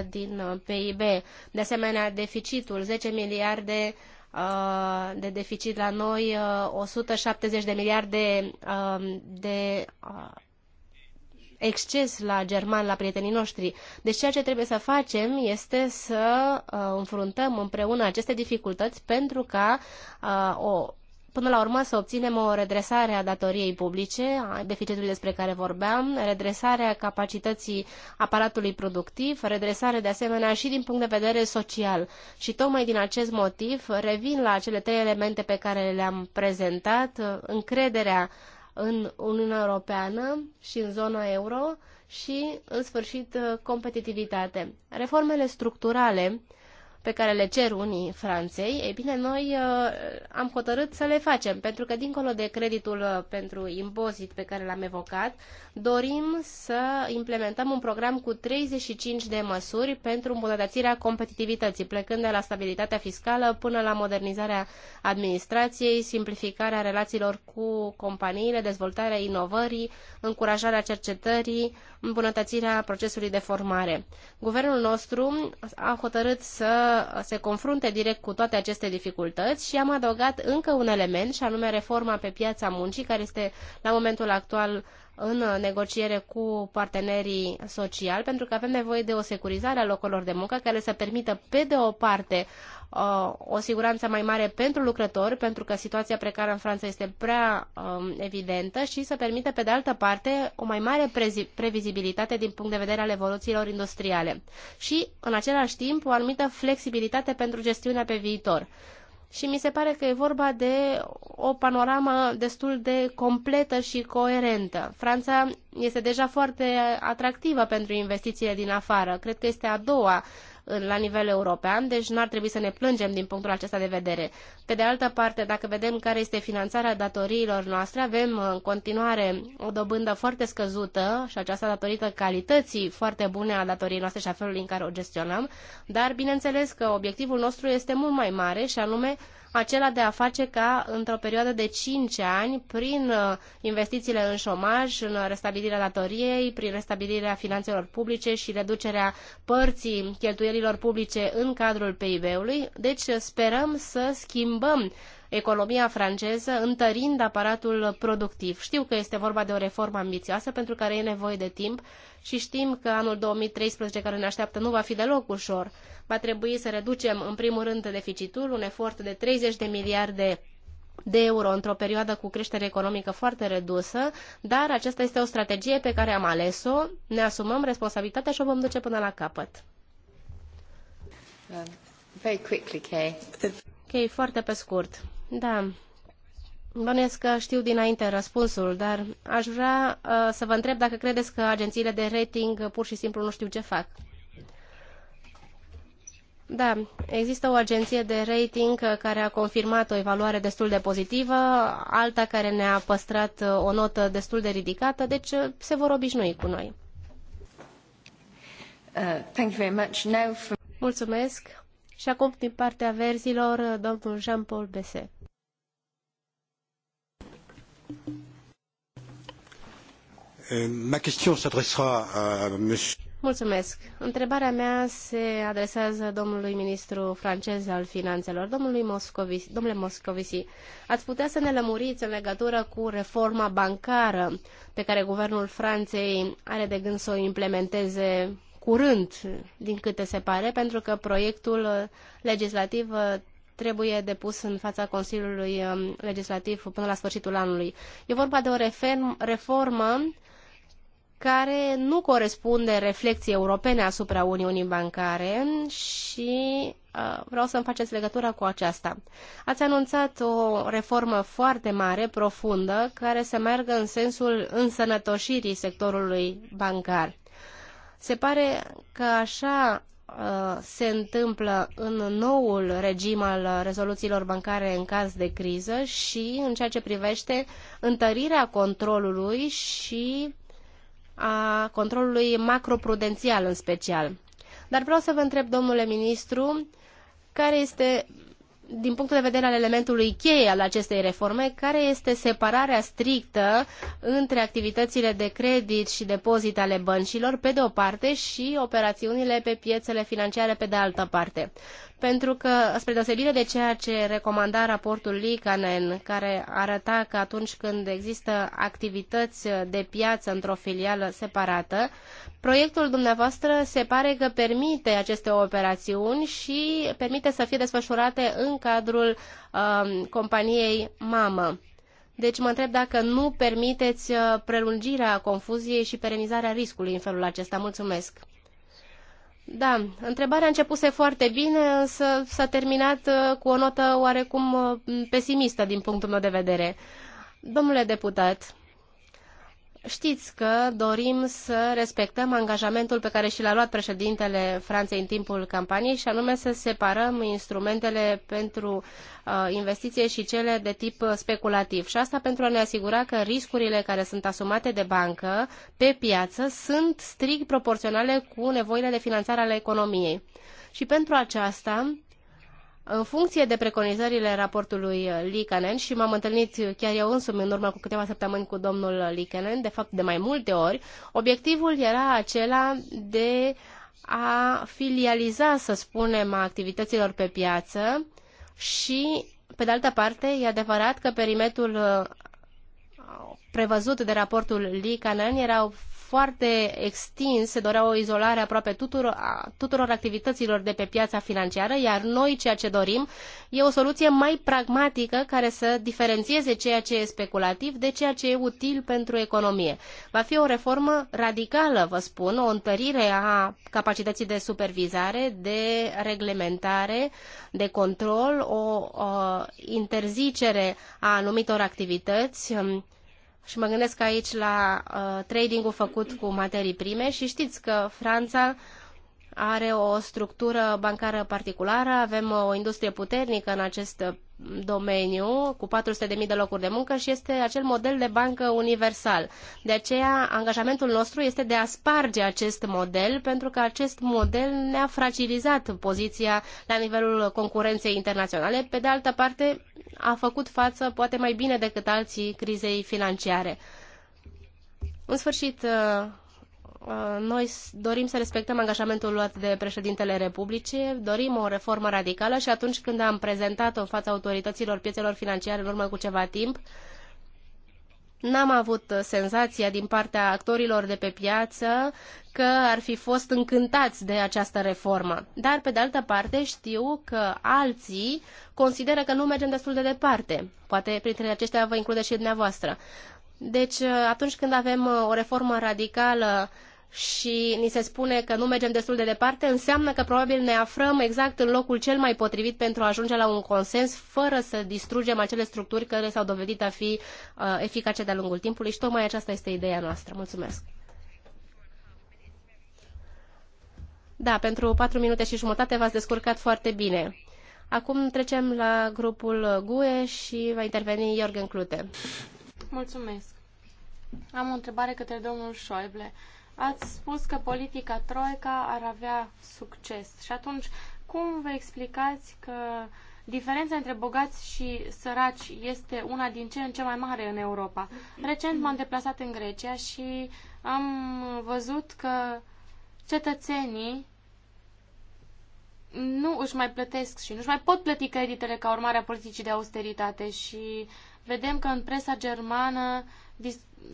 [SPEAKER 1] 91% din uh, PIB, de asemenea deficitul, 10 miliarde uh, de deficit la noi, 170 uh, de miliarde um, de exces la german, la prietenii noștri. Deci ceea ce trebuie să facem este să înfruntăm împreună aceste dificultăți pentru ca o până la urmă să obținem o redresare a datoriei publice, a deficitului despre care vorbeam, redresarea capacității aparatului productiv, redresare de asemenea și din punct de vedere social. Și tocmai din acest motiv revin la cele trei elemente pe care le-am prezentat, încrederea în Uniunea Europeană și în zona euro și, în sfârșit, competitivitate. Reformele structurale pe care le cer unii Franței, ei bine, noi uh, am hotărât să le facem, pentru că dincolo de creditul uh, pentru impozit pe care l-am evocat, dorim să implementăm un program cu 35 de măsuri pentru îmbunătățirea competitivității, plecând de la stabilitatea fiscală până la modernizarea administrației, simplificarea relațiilor cu companiile, dezvoltarea inovării, încurajarea cercetării, îmbunătățirea procesului de formare. Guvernul nostru a hotărât să se confrunte direct cu toate aceste dificultăți și am adăugat încă un element, și anume reforma pe piața muncii, care este la momentul actual în negociere cu partenerii sociali, pentru că avem nevoie de o securizare a locurilor de muncă care să permită, pe de o parte, uh, o siguranță mai mare pentru lucrători, pentru că situația precară în Franța este prea um, evidentă și să permită, pe de altă parte, o mai mare previzibilitate din punct de vedere al evoluțiilor industriale și, în același timp, o anumită flexibilitate pentru gestiunea pe viitor. Și mi se pare că e vorba de o panoramă destul de completă și coerentă. Franța este deja foarte atractivă pentru investițiile din afară. Cred că este a doua uh, la nivel european, deci nu ar trebui să ne plângem din punctul acesta de vedere. Pe de altă parte, dacă vedem care este finanțarea datoriilor noastre, avem în continuare o dobândă foarte scăzută și aceasta datorită calității foarte bune a datoriei noastre și a felului în care o gestionăm, dar bineînțeles că obiectivul nostru este mult mai mare și anume acela de a face ca într-o perioadă de 5 ani, prin uh, investițiile în șomaj, în restabilirea datoriei, prin restabilirea finanțelor publice și reducerea părții cheltuielilor publice în cadrul PIB-ului. Deci sperăm să schimbăm economia franceză, întărind aparatul productiv. Știu că este vorba de o reformă ambițioasă pentru care e nevoie de timp și știm că anul 2013 care ne așteaptă nu va fi deloc ușor. Va trebui să reducem în primul rând deficitul, un efort de 30 de miliarde de euro într-o perioadă cu creștere economică foarte redusă, dar aceasta este o strategie pe care am ales-o, ne asumăm responsabilitatea și o vom duce până la capăt. Um, very quickly, Kay. Kay, foarte pe scurt. Da. Bănuiesc că știu dinainte răspunsul, dar aș vrea uh, să vă întreb dacă credeți că agențiile de rating uh, pur și simplu nu știu ce fac. Da, există o agenție de rating uh, care a confirmat o evaluare destul de pozitivă, alta care ne-a păstrat uh, o notă destul de ridicată, deci se vor obișnui cu noi. Uh, thank you very much. Now for... Mulțumesc. Și acum, din partea verzilor, domnul Jean-Paul Besset. Euh, ma question s'adressera à monsieur... Mulțumesc. Întrebarea mea se adresează domnului ministru francez al finanțelor, domnului Moscovici. Domnule Moscovici, ați putea să ne lămuriți în legătură cu reforma bancară pe care guvernul Franței are de gând să o implementeze curând, din câte se pare, pentru că proiectul legislativ trebuie depus în fața Consiliului um, Legislativ până la sfârșitul anului. E vorba de o reformă care nu corespunde reflecției europene asupra Uniunii Bancare și uh, vreau să-mi faceți legătura cu aceasta. Ați anunțat o reformă foarte mare, profundă, care să meargă în sensul însănătoșirii sectorului bancar. Se pare că așa Uh, se întâmplă în noul regim al rezoluțiilor bancare în caz de criză și în ceea ce privește întărirea controlului și a controlului macroprudențial în special. Dar vreau să vă întreb, domnule ministru, care este din punctul de vedere al elementului cheie al acestei reforme, care este separarea strictă între activitățile de credit și depozit ale băncilor, pe de o parte, și operațiunile pe piețele financiare, pe de altă parte pentru că, spre deosebire de ceea ce recomanda raportul Licanen, care arăta că atunci când există activități de piață într-o filială separată, proiectul dumneavoastră se pare că permite aceste operațiuni și permite să fie desfășurate în cadrul uh, companiei mamă. Deci mă întreb dacă nu permiteți uh, prelungirea confuziei și perenizarea riscului în felul acesta. Mulțumesc! Da, întrebarea a începuse foarte bine, însă s-a terminat uh, cu o notă oarecum uh, pesimistă din punctul meu de vedere. Domnule deputat, Știți că dorim să respectăm angajamentul pe care și l-a luat președintele Franței în timpul campaniei și anume să separăm instrumentele pentru uh, investiție și cele de tip speculativ. Și asta pentru a ne asigura că riscurile care sunt asumate de bancă pe piață sunt strict proporționale cu nevoile de finanțare ale economiei. Și pentru aceasta în funcție de preconizările raportului Likanen și m-am întâlnit chiar eu însumi în urmă cu câteva săptămâni cu domnul Likanen, de fapt de mai multe ori, obiectivul era acela de a filializa, să spunem, activităților pe piață și, pe de altă parte, e adevărat că perimetrul uh, prevăzut de raportul Likanen era foarte extins, se dorea o izolare aproape tuturor, a, tuturor activităților de pe piața financiară, iar noi ceea ce dorim e o soluție mai pragmatică care să diferențieze ceea ce e speculativ de ceea ce e util pentru economie. Va fi o reformă radicală, vă spun, o întărire a capacității de supervizare, de reglementare, de control, o, o interzicere a anumitor activități, um, și mă gândesc aici la uh, trading-ul făcut cu materii prime și știți că Franța are o structură bancară particulară, avem uh, o industrie puternică în acest uh, domeniu cu 400.000 de locuri de muncă și este acel model de bancă universal. De aceea, angajamentul nostru este de a sparge acest model pentru că acest model ne-a fragilizat poziția la nivelul concurenței internaționale. Pe de altă parte, a făcut față, poate mai bine decât alții, crizei financiare. În sfârșit, uh, uh, noi dorim să respectăm angajamentul luat de președintele Republicii, dorim o reformă radicală și atunci când am prezentat-o în fața autorităților piețelor financiare în urmă cu ceva timp, N-am avut uh, senzația din partea actorilor de pe piață că ar fi fost încântați de această reformă. Dar, pe de altă parte, știu că alții consideră că nu mergem destul de departe. Poate printre aceștia vă include și dumneavoastră. Deci, uh, atunci când avem uh, o reformă radicală și ni se spune că nu mergem destul de departe, înseamnă că probabil ne aflăm exact în locul cel mai potrivit pentru a ajunge la un consens, fără să distrugem acele structuri care s-au dovedit a fi uh, eficace de-a lungul timpului și tocmai aceasta este ideea noastră. Mulțumesc! Da, pentru patru minute și jumătate v-ați descurcat foarte bine. Acum trecem la grupul GUE și va interveni Iorgen Clute.
[SPEAKER 2] Mulțumesc. Am o întrebare către domnul Schäuble ați spus că politica troica ar avea succes. Și atunci, cum vă explicați că diferența între bogați și săraci este una din ce în ce mai mare în Europa? Recent m-am deplasat în Grecia și am văzut că cetățenii nu își mai plătesc și nu își mai pot plăti creditele ca urmare a politicii de austeritate și vedem că în presa germană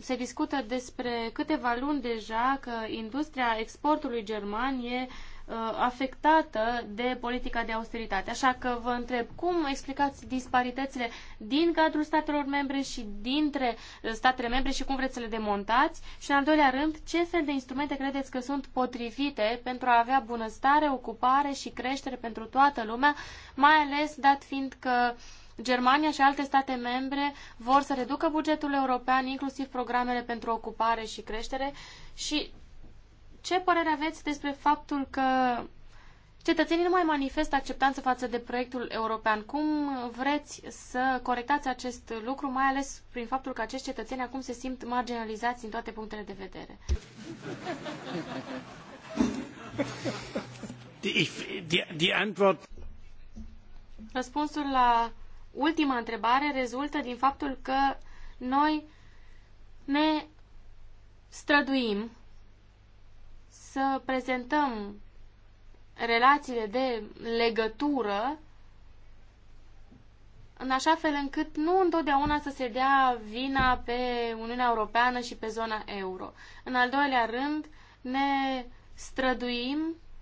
[SPEAKER 2] se discută despre câteva luni deja că industria exportului german e uh, afectată de politica de austeritate. Așa că vă întreb cum explicați disparitățile din cadrul statelor membre și dintre uh, statele membre și cum vreți să le demontați și, în al doilea rând, ce fel de instrumente credeți că sunt potrivite pentru a avea bunăstare, ocupare și creștere pentru toată lumea, mai ales dat fiind că uh, Germania și alte state membre vor să reducă bugetul european, inclusiv programele pentru ocupare și creștere. Și ce părere aveți despre faptul că cetățenii nu mai manifestă acceptanță față de proiectul european? Cum vreți să corectați acest lucru, mai ales prin faptul că acești cetățeni acum se simt marginalizați din toate punctele de vedere?
[SPEAKER 3] Die, die, die Antwort...
[SPEAKER 2] Răspunsul la ultima întrebare rezultă din faptul că noi ne străduim să prezentăm relațiile de legătură în așa fel încât nu întotdeauna să se dea vina pe Uniunea Europeană și pe zona euro. În al doilea rând, ne străduim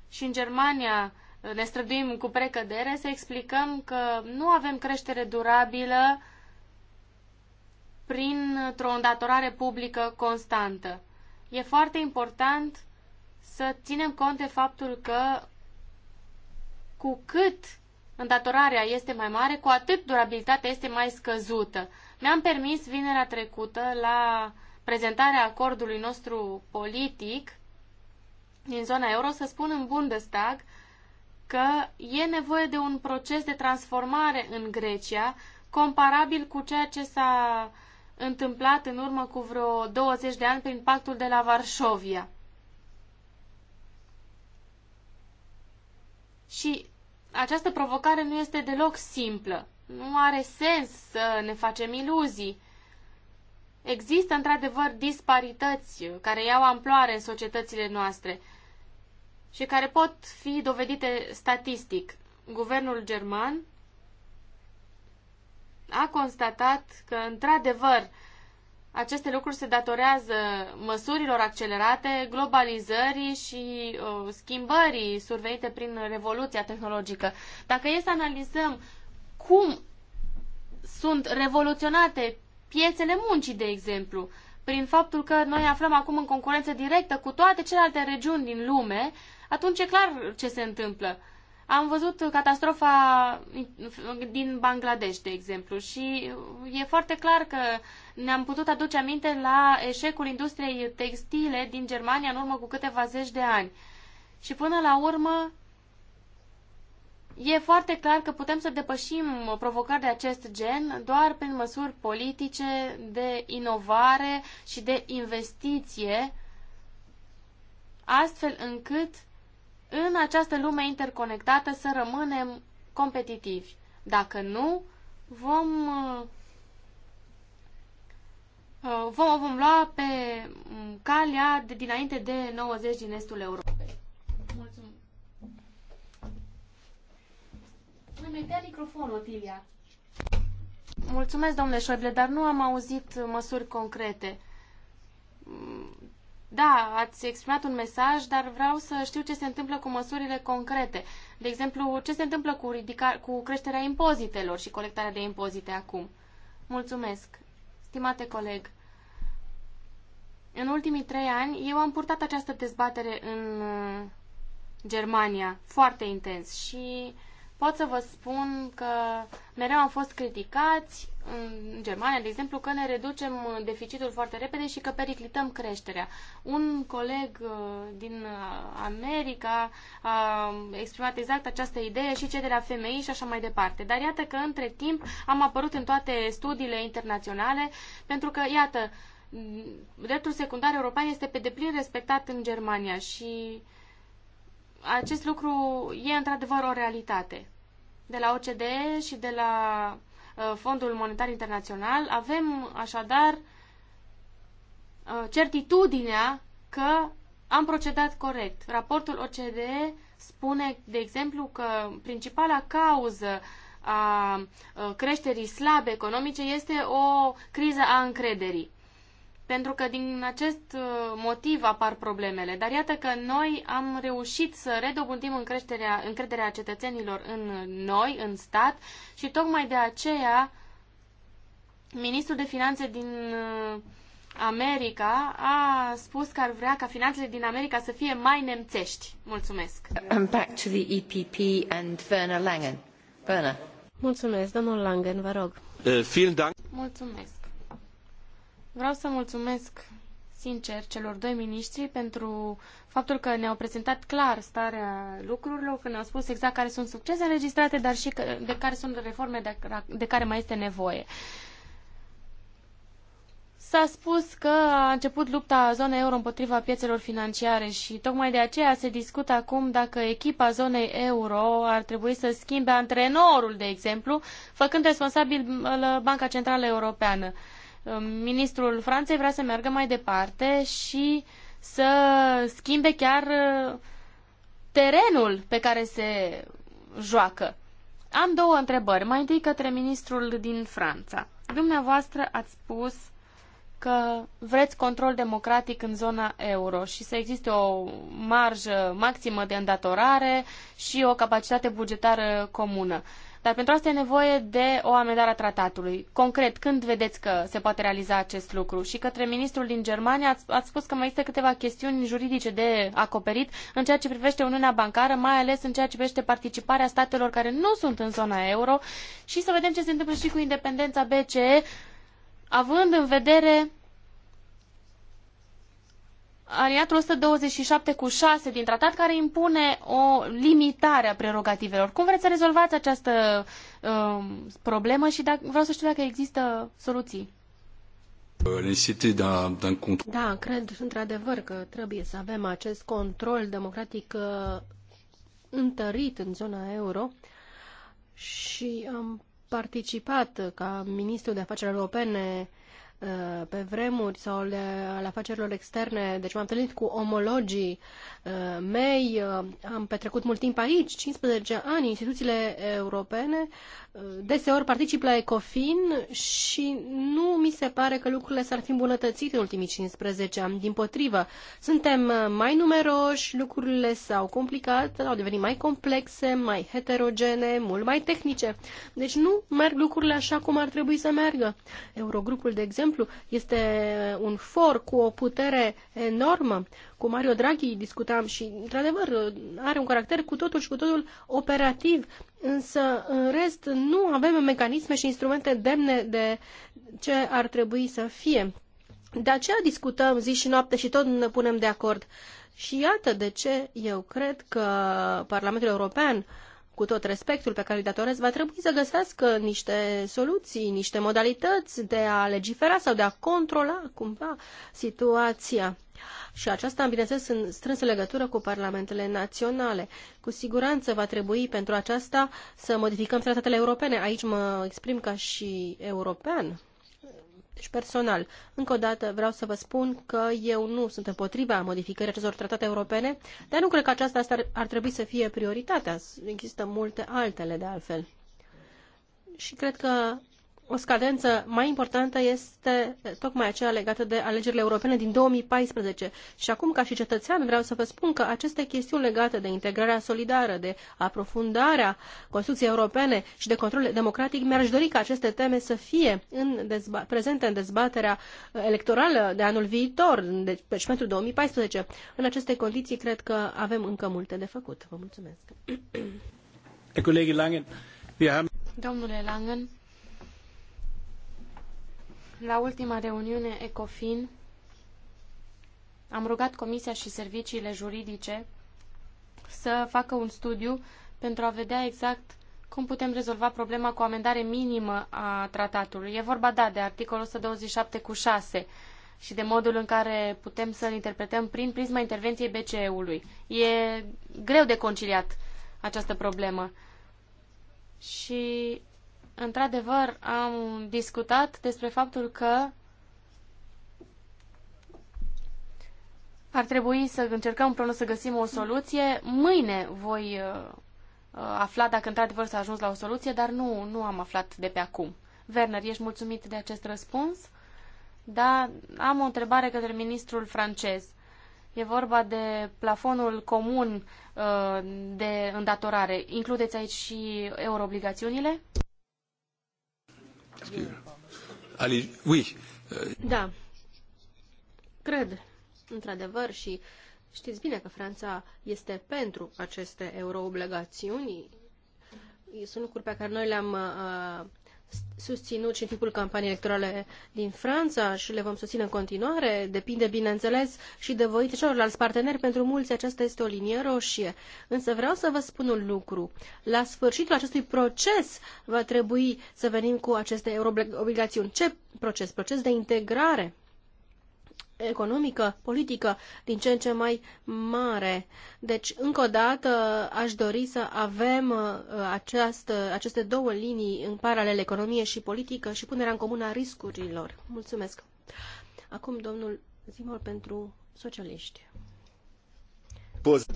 [SPEAKER 2] și în Germania ne străduim cu precădere să explicăm că nu avem creștere durabilă printr-o îndatorare publică constantă. E foarte important să ținem cont de faptul că cu cât îndatorarea este mai mare, cu atât durabilitatea este mai scăzută. Mi-am permis vinerea trecută la prezentarea acordului nostru politic din zona euro să spun în Bundestag că e nevoie de un proces de transformare în Grecia comparabil cu ceea ce s-a întâmplat în urmă cu vreo 20 de ani prin pactul de la Varșovia. Și această provocare nu este deloc simplă. Nu are sens să ne facem iluzii. Există într-adevăr disparități care iau amploare în societățile noastre, și care pot fi dovedite statistic. Guvernul german a constatat că, într-adevăr, aceste lucruri se datorează măsurilor accelerate, globalizării și uh, schimbării survenite prin revoluția tehnologică. Dacă e să analizăm cum sunt revoluționate piețele muncii, de exemplu, prin faptul că noi aflăm acum în concurență directă cu toate celelalte regiuni din lume, uh, atunci e clar ce se întâmplă. Am văzut catastrofa din Bangladesh, de exemplu, și e foarte clar că ne-am putut aduce aminte la eșecul industriei textile din Germania în urmă cu câteva zeci de ani. Și până la urmă, e foarte clar că putem să depășim provocări de acest gen doar prin măsuri politice de inovare și de investiție, astfel încât în această lume interconectată să rămânem competitivi. Dacă nu, vom, uh, vom, vom lua pe mm, calea de dinainte de 90 din estul Europei. Mulțumim. Îmi microfonul, Otilia. Mulțumesc, domnule Șoible, dar nu am auzit măsuri concrete. Da, ați exprimat un mesaj, dar vreau să știu ce se întâmplă cu măsurile concrete. De exemplu, ce se întâmplă cu, ridica- cu creșterea impozitelor și colectarea de impozite acum. Mulțumesc, stimate coleg. În ultimii trei ani, eu am purtat această dezbatere în uh, Germania foarte intens și pot să vă spun că mereu am fost criticați, în Germania, de exemplu, că ne reducem deficitul foarte repede și că periclităm creșterea. Un coleg uh, din uh, America a exprimat exact această idee și cei de la femei și așa mai departe. Dar iată că între timp am apărut în toate studiile internaționale pentru că, iată, dreptul secundar european este pe deplin respectat în Germania și acest lucru e într-adevăr o realitate. De la OCDE și de la Uh, Fondul Monetar Internațional, avem așadar uh, certitudinea că am procedat corect. Raportul OCDE spune, de exemplu, că principala cauză a uh, creșterii slabe economice este o criză a încrederii pentru că din acest uh, motiv apar problemele. Dar iată că noi am reușit să redobândim încrederea, încrederea cetățenilor în noi, în stat și tocmai de aceea ministrul de finanțe din uh, America a spus că ar vrea ca finanțele din America să fie mai nemțești. Mulțumesc. I'm
[SPEAKER 1] back to the EPP and Werner Langen. Werner. Mulțumesc, domnul Langen,
[SPEAKER 2] vă rog. Uh, Mulțumesc. Vreau să mulțumesc sincer celor doi miniștri pentru faptul că ne-au prezentat clar starea lucrurilor, că ne-au spus exact care sunt succese înregistrate, dar și de care sunt reforme de care mai este nevoie. S-a spus că a început lupta zonei euro împotriva piețelor financiare și tocmai de aceea se discută acum dacă echipa zonei euro ar trebui să schimbe antrenorul, de exemplu, făcând responsabil Banca Centrală Europeană. Ehm, ministrul Franței vrea să meargă mai departe și să schimbe chiar terenul pe care se joacă. Am două întrebări. Mai întâi către ministrul din Franța. Dumneavoastră ați spus că vreți control democratic în zona euro și să existe o marjă maximă de îndatorare și o capacitate bugetară comună. Dar pentru asta e nevoie de o amendare a tratatului. Concret, când vedeți că se poate realiza acest lucru? Și către ministrul din Germania ați, ați spus că mai este câteva chestiuni juridice de acoperit în ceea ce privește Uniunea Bancară, mai ales în ceea ce privește participarea statelor care nu sunt în zona euro și să vedem ce se întâmplă și cu independența BCE, având în vedere aliniatul 127 cu 6 din tratat care impune o limitare a prerogativelor. Cum vreți să rezolvați această uh, problemă și dacă, vreau să știu dacă există soluții?
[SPEAKER 3] Da, cred într-adevăr că trebuie să avem acest control democratic uh, întărit în zona euro și am participat ca ministru de afaceri europene uh, Uh, pe vremuri sau ale, ale afacerilor externe, deci m-am întâlnit cu omologii uh, mei, uh, am petrecut mult timp aici, 15 ani, instituțiile europene, deseori particip la ECOFIN și nu mi se pare că lucrurile s-ar fi îmbunătățit în ultimii 15 ani, din potrivă. Suntem mai numeroși, lucrurile s-au complicat, au devenit mai complexe, mai heterogene, mult mai tehnice. Deci nu merg lucrurile așa cum ar trebui să meargă. Eurogrupul, de exemplu, exemplu, este un for cu o putere enormă. Cu Mario Draghi discutam și, într-adevăr, are un caracter cu totul și cu totul operativ, însă, în rest, nu avem mecanisme și instrumente demne de ce ar trebui să fie. De aceea discutăm zi și noapte și tot ne punem de acord. Și iată de ce eu cred că Parlamentul European uh, cu tot respectul pe care îi datorez, va trebui să găsească niște soluții, niște modalități de a legifera sau de a controla cumva situația. Și aceasta, bineînțeles, în strânsă legătură cu parlamentele naționale. Cu siguranță va trebui pentru aceasta să modificăm tratatele europene. Aici mă exprim ca și european deci, personal, încă o dată vreau să vă spun că eu nu sunt împotriva modificării acestor tratate europene, dar nu cred că aceasta ar, ar trebui să fie prioritatea. Există multe altele, de altfel. Și cred că o scadență mai importantă este tocmai aceea legată de alegerile europene din 2014. Și acum, ca și cetățean, vreau să vă spun că aceste chestiuni legate de integrarea solidară, de aprofundarea construcției europene și de control democratic, mi-aș dori ca aceste teme să fie în prezente în dezbaterea electorală de anul viitor, deci, deci pentru 2014. În aceste condiții, cred că avem încă multe de făcut. Vă
[SPEAKER 2] mulțumesc. Domnule Langen, la ultima reuniune ECOFIN, am rugat Comisia și serviciile juridice să facă un studiu pentru a vedea exact cum putem rezolva problema cu amendare minimă a tratatului. E vorba, da, de articolul 127 cu 6 și de modul în care putem să-l interpretăm prin prisma intervenției BCE-ului. E greu de conciliat această problemă. Și Într-adevăr, am discutat despre faptul că ar trebui să încercăm împreună să găsim o soluție. Mâine voi uh, uh, afla dacă într-adevăr s-a ajuns la o soluție, dar nu, nu am aflat de pe acum. Werner, ești mulțumit de acest răspuns? Da, am o întrebare către ministrul francez. E vorba de plafonul comun uh, de îndatorare. Includeți aici și euroobligațiunile? Euh, da.
[SPEAKER 3] Cred, într-adevăr, și știți bine că Franța este pentru aceste euroobligațiuni. Sunt lucruri pe care noi le-am uh, susținut și în timpul campaniei electorale din Franța și le vom susține în continuare. Depinde, bineînțeles, și de voința celorlalți parteneri. Pentru mulți aceasta este o linie roșie. Însă vreau să vă spun un lucru. La sfârșitul acestui proces va trebui să venim cu aceste obligațiuni. Ce proces? Proces de integrare economică, politică, din ce în ce mai mare. Deci, încă o dată, aș dori să avem uh, această, uh, aceste două linii în paralel, economie și politică, și punerea în comun a riscurilor. Mulțumesc. Acum, domnul Zimor,
[SPEAKER 2] pentru socialiști.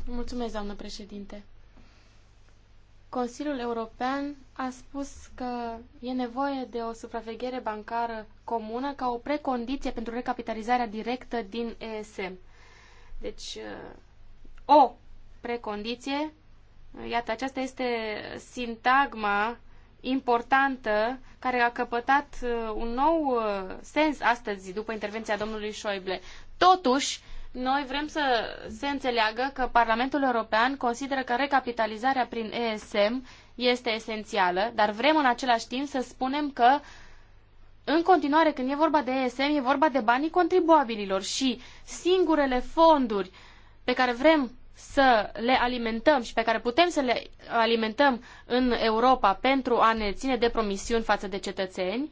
[SPEAKER 2] Mulțumesc, doamnă președinte. Consiliul European a spus că e nevoie de o supraveghere bancară comună ca o precondiție pentru recapitalizarea directă din ESM. Deci, uh, o precondiție, iată, aceasta este sintagma importantă care a căpătat uh, un nou uh, sens astăzi după intervenția domnului Schäuble. Totuși, noi vrem să se înțeleagă că Parlamentul European consideră că recapitalizarea prin ESM este esențială, dar vrem în același timp să spunem că în continuare, când e vorba de ESM, e vorba de banii contribuabililor și singurele fonduri pe care vrem să le alimentăm și pe care putem să le alimentăm în Europa pentru a ne ține de promisiuni față de cetățeni,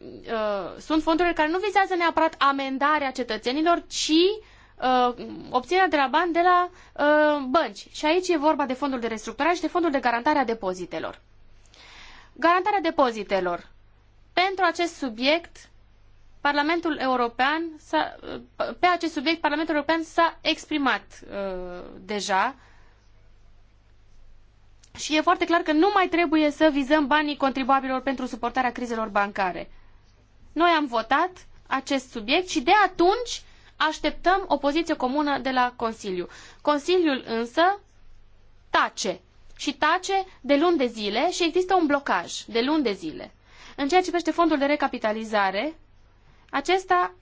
[SPEAKER 2] Uh, sunt fondurile care nu vizează neapărat amendarea cetățenilor, ci uh, obținerea de la bani de la uh, bănci. Și aici e vorba de fondul de restructurare și de fondul de garantare a depozitelor. Garantarea depozitelor. Pentru acest subiect, Parlamentul European uh, pe acest subiect Parlamentul European s-a exprimat uh, deja și e foarte clar că nu mai trebuie să vizăm banii contribuabililor pentru suportarea crizelor bancare. Noi am votat acest subiect și de atunci așteptăm o poziție comună de la Consiliu. Consiliul însă tace și tace de luni de zile și există un blocaj de luni de zile. În ceea ce privește fondul de recapitalizare, acesta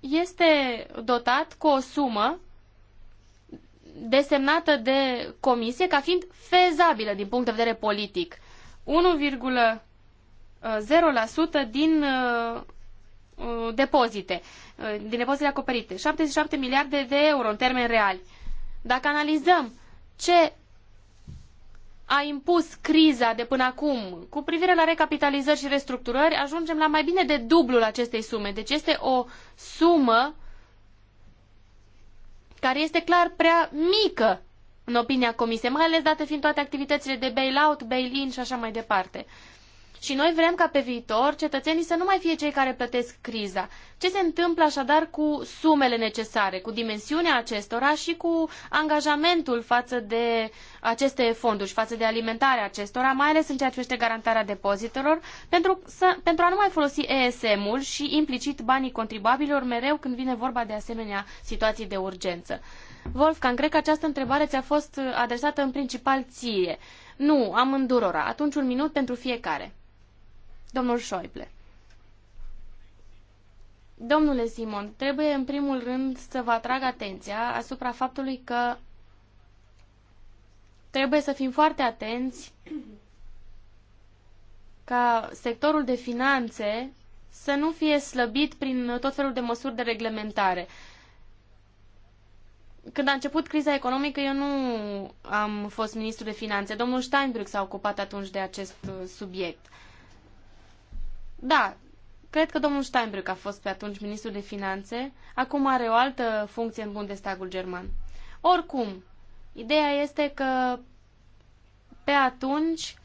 [SPEAKER 2] este dotat cu o sumă desemnată de comisie ca fiind fezabilă din punct de vedere politic. 1,1 0% din uh, depozite, uh, din depozite acoperite. 77 miliarde de euro în termeni reali. Dacă analizăm ce a impus criza de până acum cu privire la recapitalizări și restructurări, ajungem la mai bine de dublul acestei sume. Deci este o sumă care este clar prea mică în opinia comisiei, mai ales date fiind toate activitățile de bail-out, bail-in și așa mai departe. Și noi vrem ca pe viitor cetățenii să nu mai fie cei care plătesc criza. Ce se întâmplă așadar cu sumele necesare, cu dimensiunea acestora și cu angajamentul față de aceste fonduri și față de alimentarea acestora, mai ales în ceea ce privește garantarea depozitelor, pentru, să, pentru a nu mai folosi ESM-ul și implicit banii contribuabililor mereu când vine vorba de asemenea situații de urgență. Wolfgang, cred că această întrebare ți-a fost adresată în principal ție. Nu, am îndurora. Atunci un minut pentru fiecare. Domnul Șoible. Domnule Simon, trebuie în primul rând să vă atrag atenția asupra faptului că trebuie să fim foarte atenți ca sectorul de finanțe să nu fie slăbit prin tot felul de măsuri de reglementare. Când a început criza economică, eu nu am fost ministru de finanțe. Domnul Steinbrück s-a ocupat atunci de acest uh, subiect. Da, cred că domnul Steinbrück a fost pe atunci ministru de finanțe, acum are o altă funcție în Bundestagul german. Oricum, ideea este că pe atunci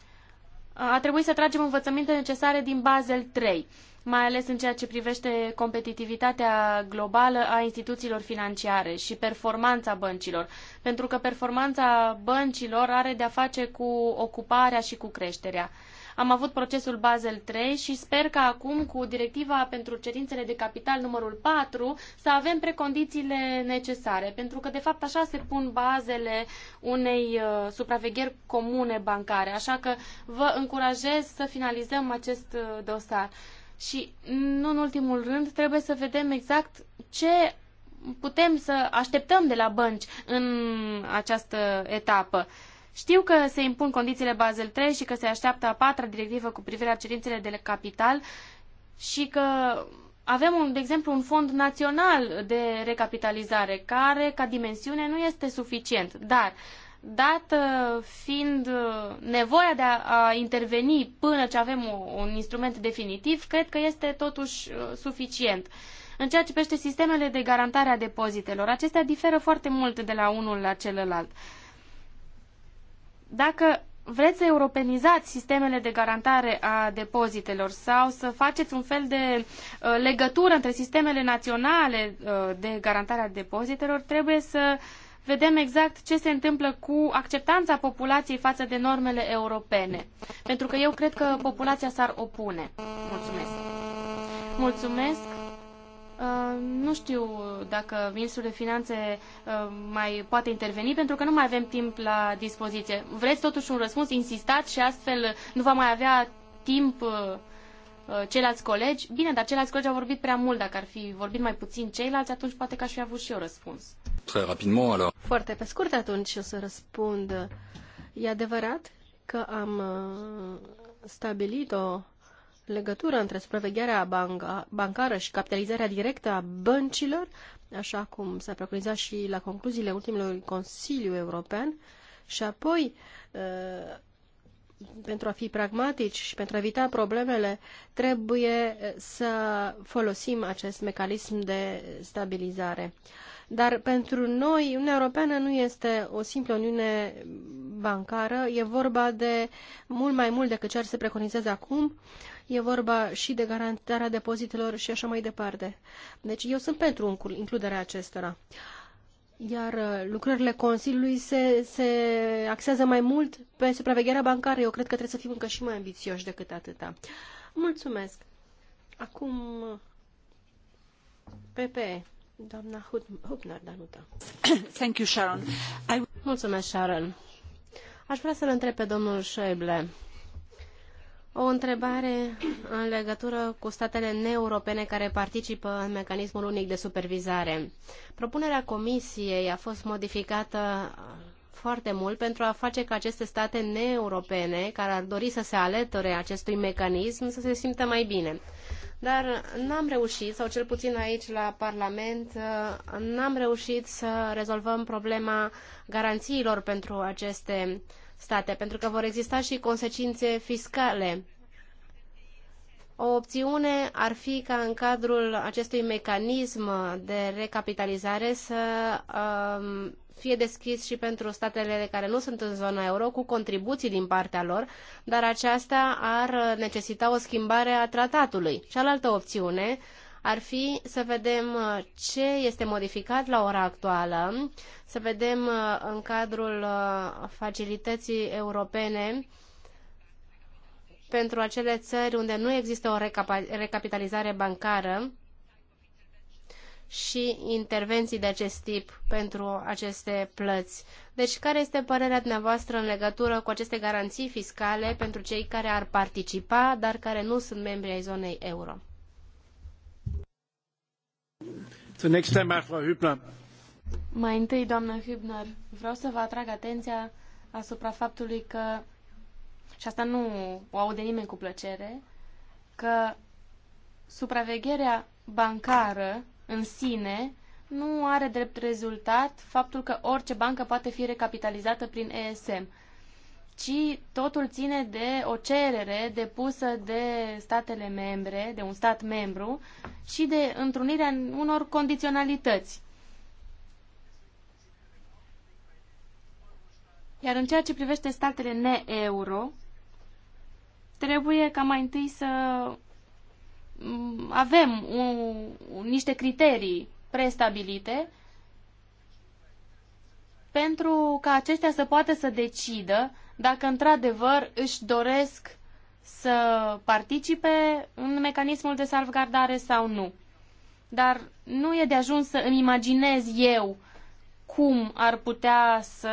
[SPEAKER 2] a trebuit să tragem învățăminte necesare din Basel 3, mai ales în ceea ce privește competitivitatea globală a instituțiilor financiare și performanța băncilor, pentru că performanța băncilor are de-a face cu ocuparea și cu creșterea. Am avut procesul Basel III și sper că acum, cu directiva pentru cerințele de capital numărul 4, să avem precondițiile necesare, pentru că, de fapt, așa se pun bazele unei uh, supravegheri comune bancare. Așa că vă încurajez să finalizăm acest uh, dosar. Și, nu în ultimul rând, trebuie să vedem exact ce putem să așteptăm de la bănci în această etapă. Știu că se impun condițiile Basel 3 și că se așteaptă a patra directivă cu privire la cerințele de capital și că avem, un, de exemplu, un fond național de recapitalizare care, ca dimensiune, nu este suficient. Dar, dat uh, fiind uh, nevoia de a, a interveni până ce avem o, un instrument definitiv, cred că este totuși uh, suficient. În ceea ce privește sistemele de garantare a depozitelor, acestea diferă foarte mult de la unul la celălalt. Uh, dacă vreți să europenizați sistemele de garantare a depozitelor sau să faceți un fel de uh, legătură între sistemele naționale uh, de garantare a depozitelor, trebuie să vedem exact ce se întâmplă cu acceptanța populației față de normele europene. Pentru că eu cred că populația s-ar opune. Mulțumesc. Mulțumesc. Uh, nu știu dacă Ministrul de Finanțe uh, mai poate interveni, pentru că nu mai avem timp la dispoziție. Vreți totuși un răspuns insistat și astfel nu va mai avea timp uh, ceilalți colegi? Bine, dar ceilalți colegi au vorbit prea mult. Dacă ar fi vorbit mai puțin ceilalți, atunci poate că aș fi avut și eu răspuns. Foarte pe scurt atunci o să răspund.
[SPEAKER 3] E adevărat că am stabilit o legătură între supravegherea banca, bancară și capitalizarea directă a băncilor, așa cum s-a preconizat și la concluziile ultimului Consiliu European, și apoi, ă, pentru a fi pragmatici și pentru a evita problemele, trebuie să folosim acest mecanism de stabilizare. Dar pentru noi, Uniunea Europeană nu este o simplă Uniune bancară, e vorba de mult mai mult decât ce ar se preconizează acum, e vorba și de garantarea depozitelor și așa mai departe. Deci eu sunt pentru includerea acestora. Iar uh, lucrările Consiliului se, se axează mai mult pe supravegherea bancară. Eu cred că trebuie să fim încă și mai ambițioși decât atâta. Mulțumesc! Acum, uh, PPE. Doamna Danuta.
[SPEAKER 1] <coughs> Mulțumesc, Sharon. Aș vrea să-l întreb pe domnul Schäuble o întrebare în legătură cu statele neeuropene care participă în mecanismul unic de supervizare. Propunerea Comisiei a fost modificată foarte mult pentru a face ca aceste state neeuropene care ar dori să se alăture acestui mecanism să se simtă mai bine dar n-am reușit, sau cel puțin aici la Parlament, uh, n-am reușit să rezolvăm problema garanțiilor pentru aceste state, pentru că vor exista și consecințe fiscale. O opțiune ar fi ca în cadrul acestui mecanism de recapitalizare să um, fie deschis și pentru statele care nu sunt în zona euro, cu contribuții din partea lor, dar aceasta ar necesita o schimbare a tratatului. Cealaltă opțiune ar fi să vedem uh, ce este modificat la ora actuală, să vedem uh, în cadrul uh, facilității europene pentru acele țări unde nu există o recapitalizare bancară, și intervenții de acest tip pentru aceste plăți. Deci, care este părerea dumneavoastră în legătură cu aceste garanții fiscale pentru cei care ar participa, dar care nu sunt
[SPEAKER 2] membri ai zonei euro? Zunächst einmal, Frau Hübner. Mai întâi, doamnă Hübner, vreau să vă atrag atenția asupra faptului că, și asta nu o aude nimeni cu plăcere, că supravegherea bancară în sine nu are drept rezultat faptul că orice bancă poate fi recapitalizată prin ESM, ci totul ține de o cerere depusă de statele membre, de un stat membru și de întrunirea unor condiționalități. Iar în ceea ce privește statele ne-euro, trebuie ca mai întâi să avem un, niște criterii prestabilite pentru ca aceștia să poată să decidă dacă într-adevăr își doresc să participe în mecanismul de salvgardare sau nu. Dar nu e de ajuns să îmi imaginez eu uh, cum ar putea să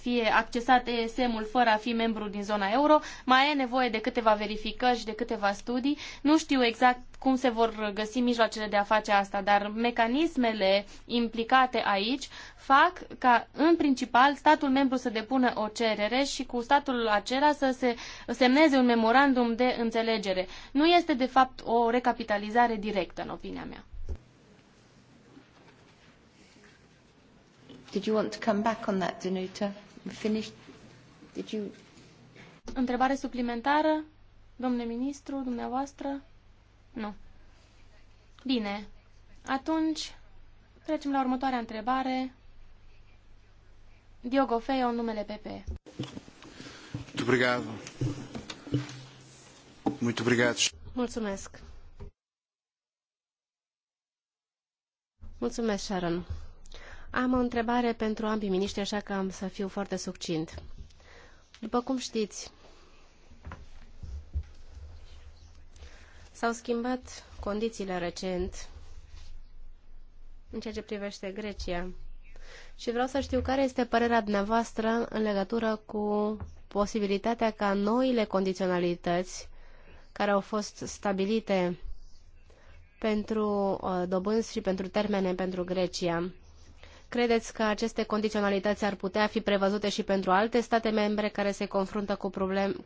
[SPEAKER 2] fie accesat ESM-ul fără a fi membru din zona euro. Mai e nevoie de câteva verificări și de câteva studii. Nu știu exact cum se vor găsi mijloacele de a face asta, dar mecanismele implicate aici fac ca, în principal, statul membru să depună o cerere și cu statul acela să se semneze un memorandum de înțelegere. Nu este, de fapt, o recapitalizare directă, în opinia mea. Did you want to come back on that, Danuta? We finished? Did you... Întrebare suplimentară, domnule ministru, dumneavoastră? Nu. Bine. Atunci, trecem la următoarea întrebare. Diogo Feio, în numele PP.
[SPEAKER 3] Obrigado. Muito obrigado.
[SPEAKER 1] Mulțumesc. Mulțumesc, Sharon. Am o întrebare pentru ambii miniștri, așa că am să fiu foarte succint. După cum știți, s-au schimbat condițiile recent în ceea ce privește Grecia. Și vreau să știu care este părerea dumneavoastră în legătură cu posibilitatea ca noile condiționalități care au fost stabilite pentru uh, dobânzi și pentru termene pentru Grecia Credeți că aceste condiționalități ar putea fi prevăzute și pentru alte state membre care se confruntă cu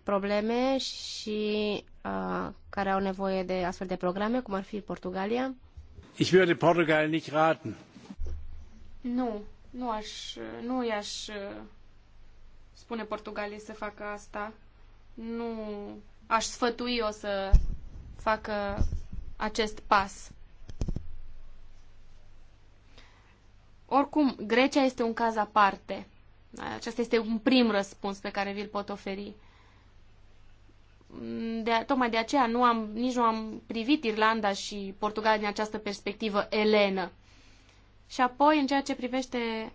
[SPEAKER 1] probleme și uh, care au nevoie de astfel de programe, cum ar fi Portugalia?
[SPEAKER 2] Ich würde Portugal nicht raten. Nu, nu aș, nu i-aș uh, spune Portugalia să facă asta. Nu aș sfătui o să facă acest pas. Oricum, Grecia este un caz aparte. Acesta este un prim răspuns pe care vi-l pot oferi. De, tocmai de aceea nu am, nici nu am privit Irlanda și Portugalia din această perspectivă elenă. Și apoi, în ceea ce privește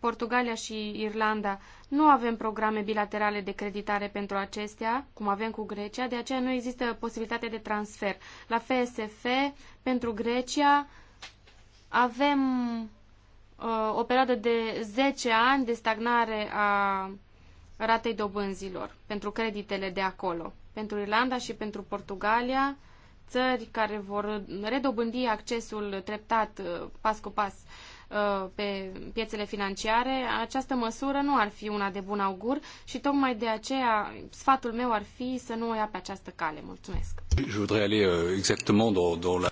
[SPEAKER 2] Portugalia și Irlanda, nu avem programe bilaterale de creditare pentru acestea, cum avem cu Grecia, de aceea nu există posibilitate de transfer. La FSF, pentru Grecia, avem uh, o perioadă de 10 ani de stagnare a ratei dobânzilor pentru creditele de acolo. Pentru Irlanda și pentru Portugalia, țări care vor redobândi accesul treptat, uh, pas cu pas, uh, pe piețele financiare, această măsură nu ar fi una de bun augur și tocmai de aceea sfatul meu ar fi să nu o ia pe această cale. Mulțumesc.
[SPEAKER 3] Je voudrais aller uh, exactement dans, dans la...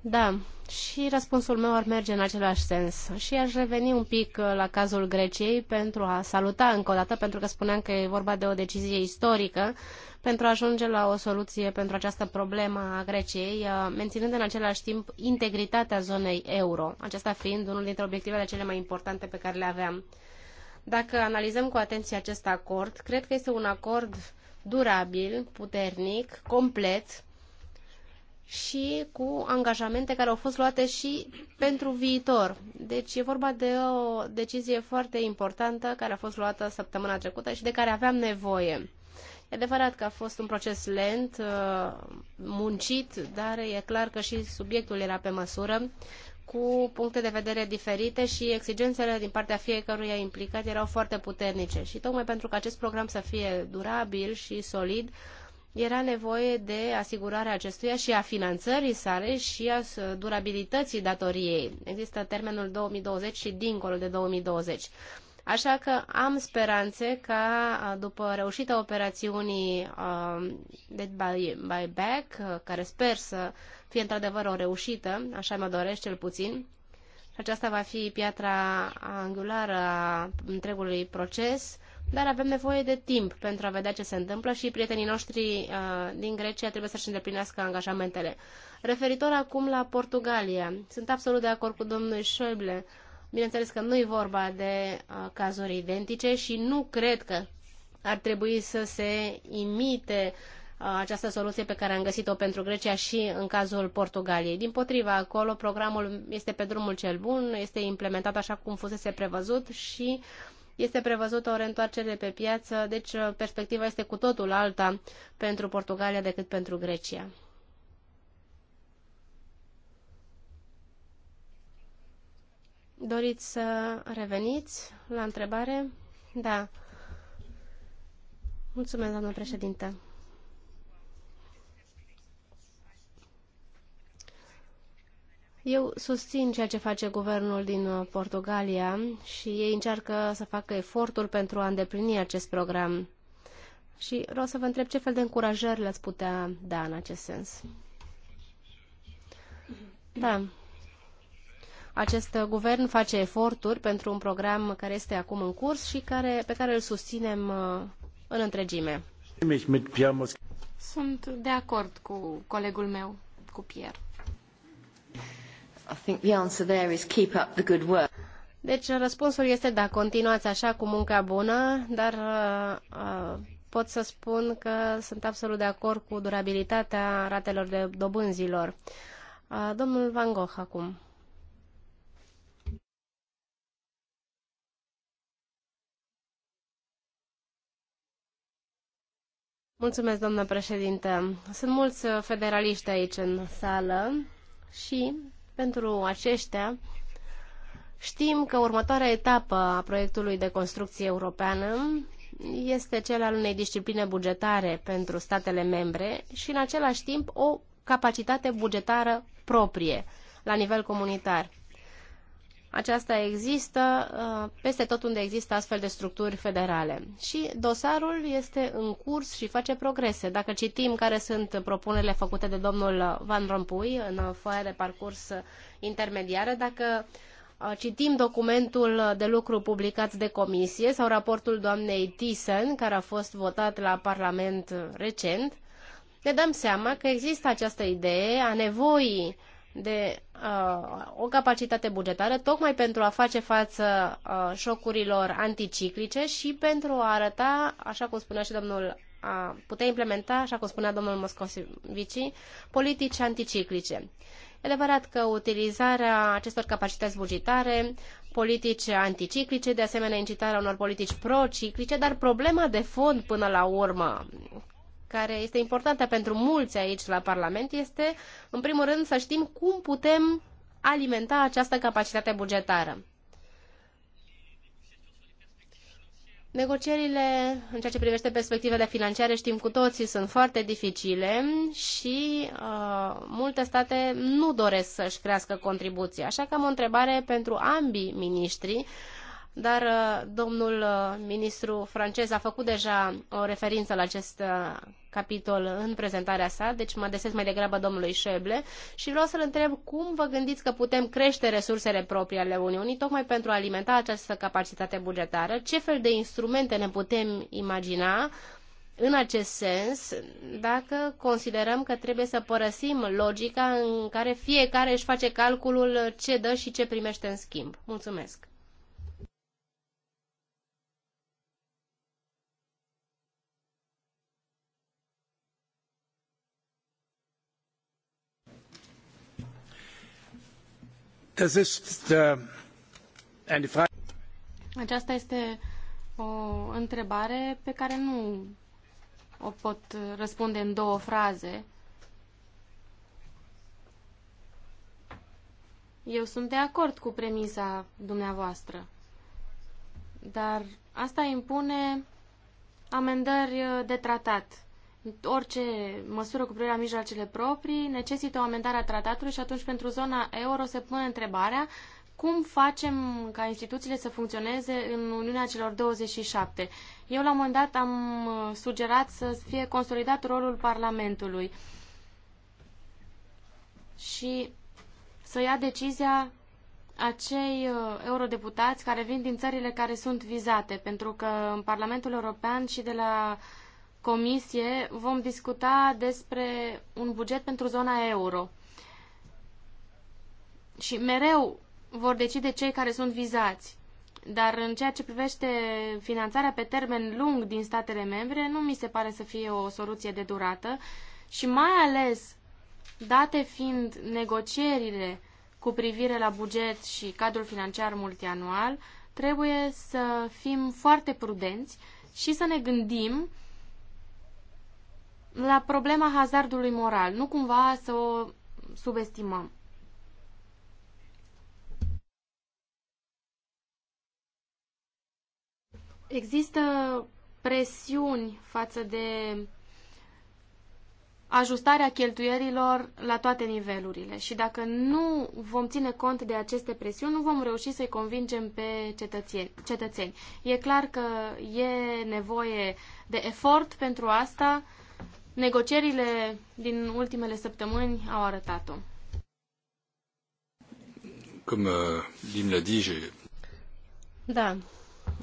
[SPEAKER 2] Da, și răspunsul meu
[SPEAKER 1] ar merge în același sens. Și aș reveni un pic uh, la cazul Greciei pentru a saluta încă o dată, pentru că spuneam că e vorba de o decizie istorică, pentru a ajunge la o soluție pentru această problemă a Greciei, uh, menținând în același timp integritatea zonei euro, acesta fiind unul dintre obiectivele cele mai importante pe care le aveam. Dacă analizăm cu atenție acest acord, cred că este un acord durabil, puternic, complet, și cu angajamente care au fost luate și pentru viitor. Deci e vorba de o decizie foarte importantă care a fost luată săptămâna trecută și de care aveam nevoie. E adevărat că a fost un proces lent, uh, muncit, dar e clar că și subiectul era pe măsură, cu puncte de vedere diferite și exigențele din partea fiecăruia implicat erau foarte puternice. Și tocmai pentru că acest program să fie durabil și solid, era nevoie de asigurarea acestuia și a finanțării sale și a durabilității datoriei. Există termenul 2020 și dincolo de 2020. Așa că am speranțe ca după reușita operațiunii uh, de buyback, care sper să fie într-adevăr o reușită, așa mă doresc cel puțin, aceasta va fi piatra angulară a întregului proces, dar avem nevoie de timp pentru a vedea ce se întâmplă și prietenii noștri uh, din Grecia trebuie să-și îndeplinească angajamentele. Referitor acum la Portugalia, sunt absolut de acord cu domnul Schäuble. Bineînțeles că nu e vorba de uh, cazuri identice și nu cred că ar trebui să se imite uh, această soluție pe care am găsit-o pentru Grecia și în cazul Portugaliei. Din potriva, acolo programul este pe drumul cel bun, este implementat așa cum fusese prevăzut și uh, este prevăzută o reîntoarcere pe piață, deci uh, perspectiva este cu totul alta pentru Portugalia decât pentru Grecia. Doriți să reveniți la întrebare? Da. Mulțumesc, doamnă președintă. Eu susțin ceea ce face guvernul din uh, Portugalia și ei încearcă să facă efortul pentru a îndeplini acest program. Și vreau să vă întreb ce fel de încurajări le-ați putea da în acest sens. Da. Acest uh, guvern face eforturi pentru un program care este acum în curs și care, pe care îl
[SPEAKER 2] susținem uh, în întregime. Sunt de acord cu colegul meu, cu Pierre.
[SPEAKER 1] Deci răspunsul este da, continuați așa cu munca bună, dar uh, uh, pot să spun că sunt absolut de acord cu durabilitatea ratelor de dobânzilor. Uh, domnul Van Gogh acum. Mulțumesc, doamnă președinte. Sunt mulți uh, federaliști aici în sală și pentru aceștia, știm că următoarea etapă a proiectului de construcție europeană este cel al unei discipline bugetare pentru statele membre și în același timp o capacitate bugetară proprie la nivel comunitar. Aceasta există uh, peste tot unde există astfel de structuri federale. Și dosarul este în curs și face progrese. Dacă citim care sunt propunerile făcute de domnul Van Rompuy în foaia de parcurs intermediară, dacă uh, citim documentul de lucru publicat de comisie sau raportul doamnei Thyssen, care a fost votat la Parlament recent, ne dăm seama că există această idee a nevoii de uh, o capacitate bugetară tocmai pentru a face față uh, șocurilor anticiclice și pentru a arăta, așa cum spunea și domnul a putea implementa, așa cum spunea domnul Moscovici, politici anticiclice. E adevărat că utilizarea acestor capacități bugetare, politici anticiclice, de asemenea incitarea unor politici prociclice, dar problema de fond până la urmă, care este importantă pentru mulți aici la Parlament este, în primul rând, să știm cum putem alimenta această capacitate bugetară. Negocierile în ceea ce privește perspectivele financiare, știm cu toții, sunt foarte dificile și uh, multe state nu doresc să-și crească contribuția. Așa că am o întrebare pentru ambii miniștri, dar uh, domnul uh, ministru francez a făcut deja o referință la acest uh, capitol în prezentarea sa, deci mă adresez mai degrabă domnului Șeble și vreau să-l întreb cum vă gândiți că putem crește resursele proprii ale Uniunii tocmai pentru a alimenta această capacitate bugetară, ce fel de instrumente ne putem imagina în acest sens, dacă considerăm că trebuie să părăsim logica în care fiecare își face calculul ce dă și ce primește în schimb. Mulțumesc!
[SPEAKER 3] Äh,
[SPEAKER 2] Aceasta este o întrebare pe care nu o pot răspunde în două fraze. Eu sunt de acord cu premisa dumneavoastră, dar asta impune amendări de tratat orice măsură cu privire la mijloacele proprii necesită o amendare a tratatului și atunci pentru zona euro se pune întrebarea cum facem ca instituțiile să funcționeze în Uniunea celor 27. Eu la un moment dat am uh, sugerat să fie consolidat rolul Parlamentului și să ia decizia acei uh, eurodeputați care vin din țările care sunt vizate, pentru că în Parlamentul European și de la uh, comisie vom discuta despre un buget pentru zona euro. Și mereu vor decide cei care sunt vizați. Dar în ceea ce privește finanțarea pe termen lung din statele membre, nu mi se pare să fie o soluție de durată și mai ales date fiind negocierile cu privire la buget și cadrul financiar multianual, trebuie să fim foarte prudenți și să ne gândim la problema hazardului moral. Nu cumva să o subestimăm. Există presiuni față de ajustarea cheltuierilor la toate nivelurile și dacă nu vom ține cont de aceste presiuni, nu vom reuși să-i convingem pe cetățeni. E clar că e nevoie de efort pentru asta, Negocierile din ultimele săptămâni au arătat-o. Cum uh,
[SPEAKER 3] Lim l-a dit,
[SPEAKER 2] Da,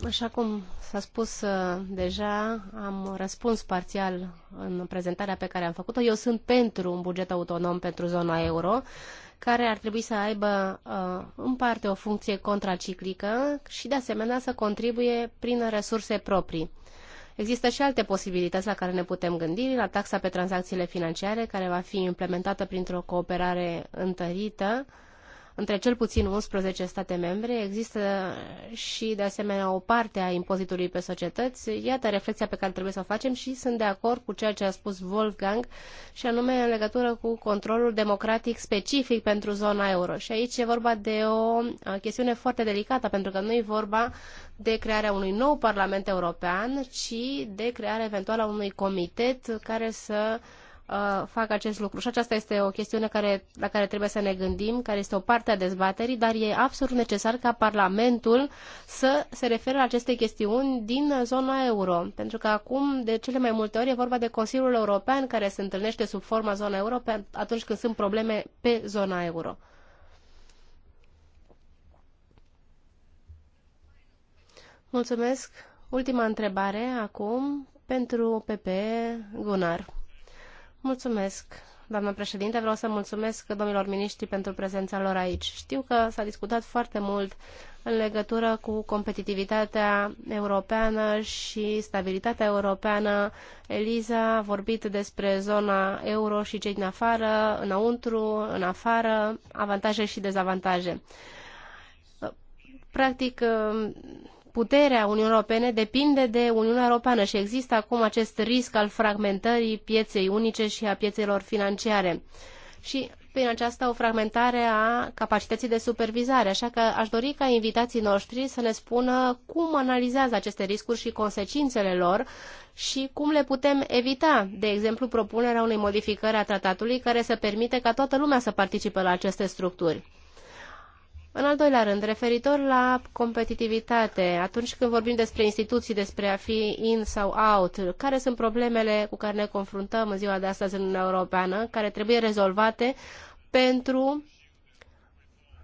[SPEAKER 2] așa cum s-a spus
[SPEAKER 1] uh, deja, am răspuns parțial în prezentarea pe care am făcut-o. Eu sunt pentru un buget autonom pentru zona euro, care ar trebui să aibă uh, în parte o funcție contraciclică și de asemenea să contribuie prin resurse proprii. Există și alte posibilități la care ne putem gândi, la taxa pe tranzacțiile financiare, care va fi implementată printr-o cooperare întărită uh, între cel puțin 11 state membre. Există și, de asemenea, o parte a impozitului pe societăți. Iată reflexia pe care trebuie să o facem și sunt de acord cu ceea ce a spus Wolfgang și anume în legătură cu controlul democratic specific pentru zona euro. Și aici e vorba de o chestiune foarte delicată, pentru că nu e vorba de crearea unui nou Parlament European, ci de crearea eventuală a unui comitet care să uh, Uh, fac acest lucru. Și aceasta este o chestiune care, la care trebuie să ne gândim, care este o parte a dezbaterii, dar e absolut necesar ca Parlamentul să se refere la aceste chestiuni din zona euro. Pentru că acum, de cele mai multe ori, e vorba de Consiliul European care se întâlnește sub forma zona euro atunci când sunt probleme pe zona euro. Mulțumesc. Ultima întrebare acum pentru PP Gunar. Mulțumesc, doamnă președinte. Vreau să mulțumesc domnilor miniștri pentru prezența lor aici. Știu că s-a discutat foarte mult în legătură cu competitivitatea europeană și stabilitatea europeană. Eliza a vorbit despre zona euro și cei din afară, înăuntru, în afară, avantaje și dezavantaje. Practic, puterea Uniunii Europene depinde de Uniunea Europeană și există acum acest risc al fragmentării pieței unice și a piețelor financiare. Și prin aceasta o fragmentare a capacității de supervizare, așa că aș dori ca invitații noștri să ne spună cum analizează aceste riscuri și consecințele lor și cum le putem evita, de exemplu propunerea unei modificări a tratatului care să permite ca toată lumea să participe la aceste structuri. În al doilea rând, referitor la competitivitate, atunci când vorbim despre instituții, despre a fi in sau out, care sunt problemele cu care ne confruntăm în ziua de astăzi în Uniunea Europeană, care trebuie rezolvate pentru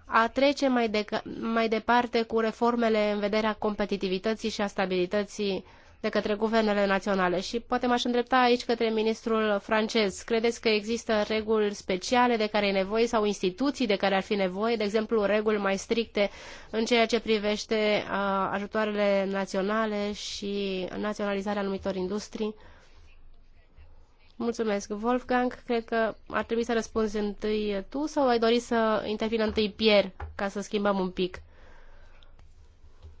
[SPEAKER 1] a trece mai, de, mai departe cu reformele în vederea competitivității și a stabilității uh, de către guvernele naționale. Și poate m-aș îndrepta aici către ministrul francez. Credeți că există reguli speciale de care e nevoie sau instituții de care ar fi nevoie, de exemplu reguli mai stricte în ceea ce privește ajutoarele naționale și naționalizarea anumitor industrii? Mulțumesc, Wolfgang. Cred că ar trebui să răspunzi întâi tu sau ai dori să intervină întâi Pierre ca să schimbăm un pic?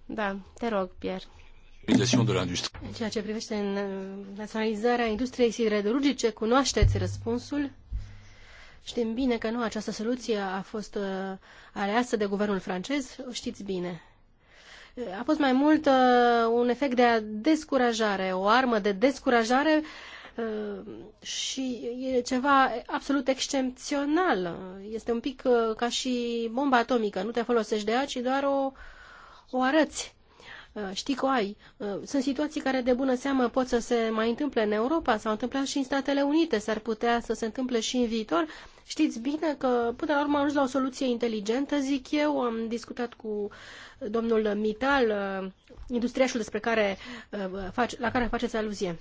[SPEAKER 1] Da, te rog, Pierre. În
[SPEAKER 3] ceea ce privește în naționalizarea industriei siderurgice, cunoașteți răspunsul? Știm bine că nu această soluție a fost uh, aleasă de guvernul francez, o știți bine. Uh, a fost mai mult uh, un efect de descurajare, o armă de descurajare și e ceva absolut excepțional. Este un pic ca și bomba atomică. Nu te folosești de ea, ci doar o, o arăți. Uh, știi că ai. Uh, sunt situații care de bună seamă pot să se mai întâmple în Europa, s-au întâmplat și în Statele Unite, s-ar putea să se întâmple și în viitor. Știți bine că până la urmă am ajuns la o soluție inteligentă, zic eu, am discutat cu domnul Mital, uh, industriașul despre care, la care faceți aluzie.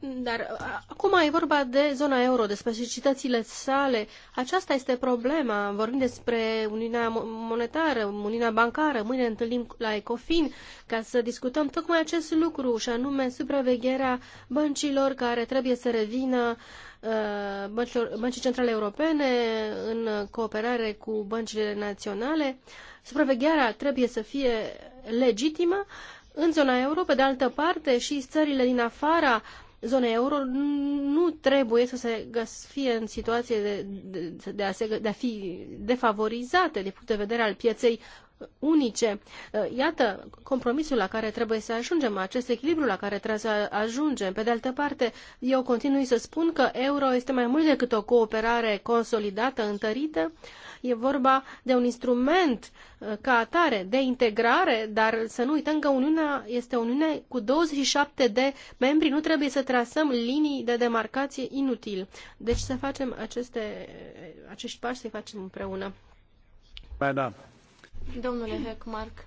[SPEAKER 3] Dar acum e vorba de zona euro, de specificitățile sale. Aceasta este problema. Vorbim despre Uniunea Monetară, Uniunea Bancară. Mâine întâlnim la Ecofin ca să discutăm tocmai acest lucru și anume supravegherea băncilor care trebuie să revină ă, băncii centrale europene în cooperare cu băncile naționale. Supravegherea trebuie să fie legitimă în zona euro, pe de altă parte, și țările din afara zonei euro nu trebuie să se fie în situație de, de, de, a, se, de a fi defavorizate din punct de vedere al pieței unice. Uh, iată compromisul la care trebuie să ajungem, acest echilibru la care trebuie să ajungem. Pe de altă parte, eu continui să spun că euro este mai mult decât o cooperare consolidată, întărită, uh, E vorba de un instrument uh, ca atare de integrare, dar să nu uităm că Uniunea este o Uniune cu 27 de membri. Nu trebuie să trasăm linii de demarcație inutil. Deci să facem aceste, uh, acești pași, să-i facem împreună. Madam.
[SPEAKER 2] Domnule Heckmark,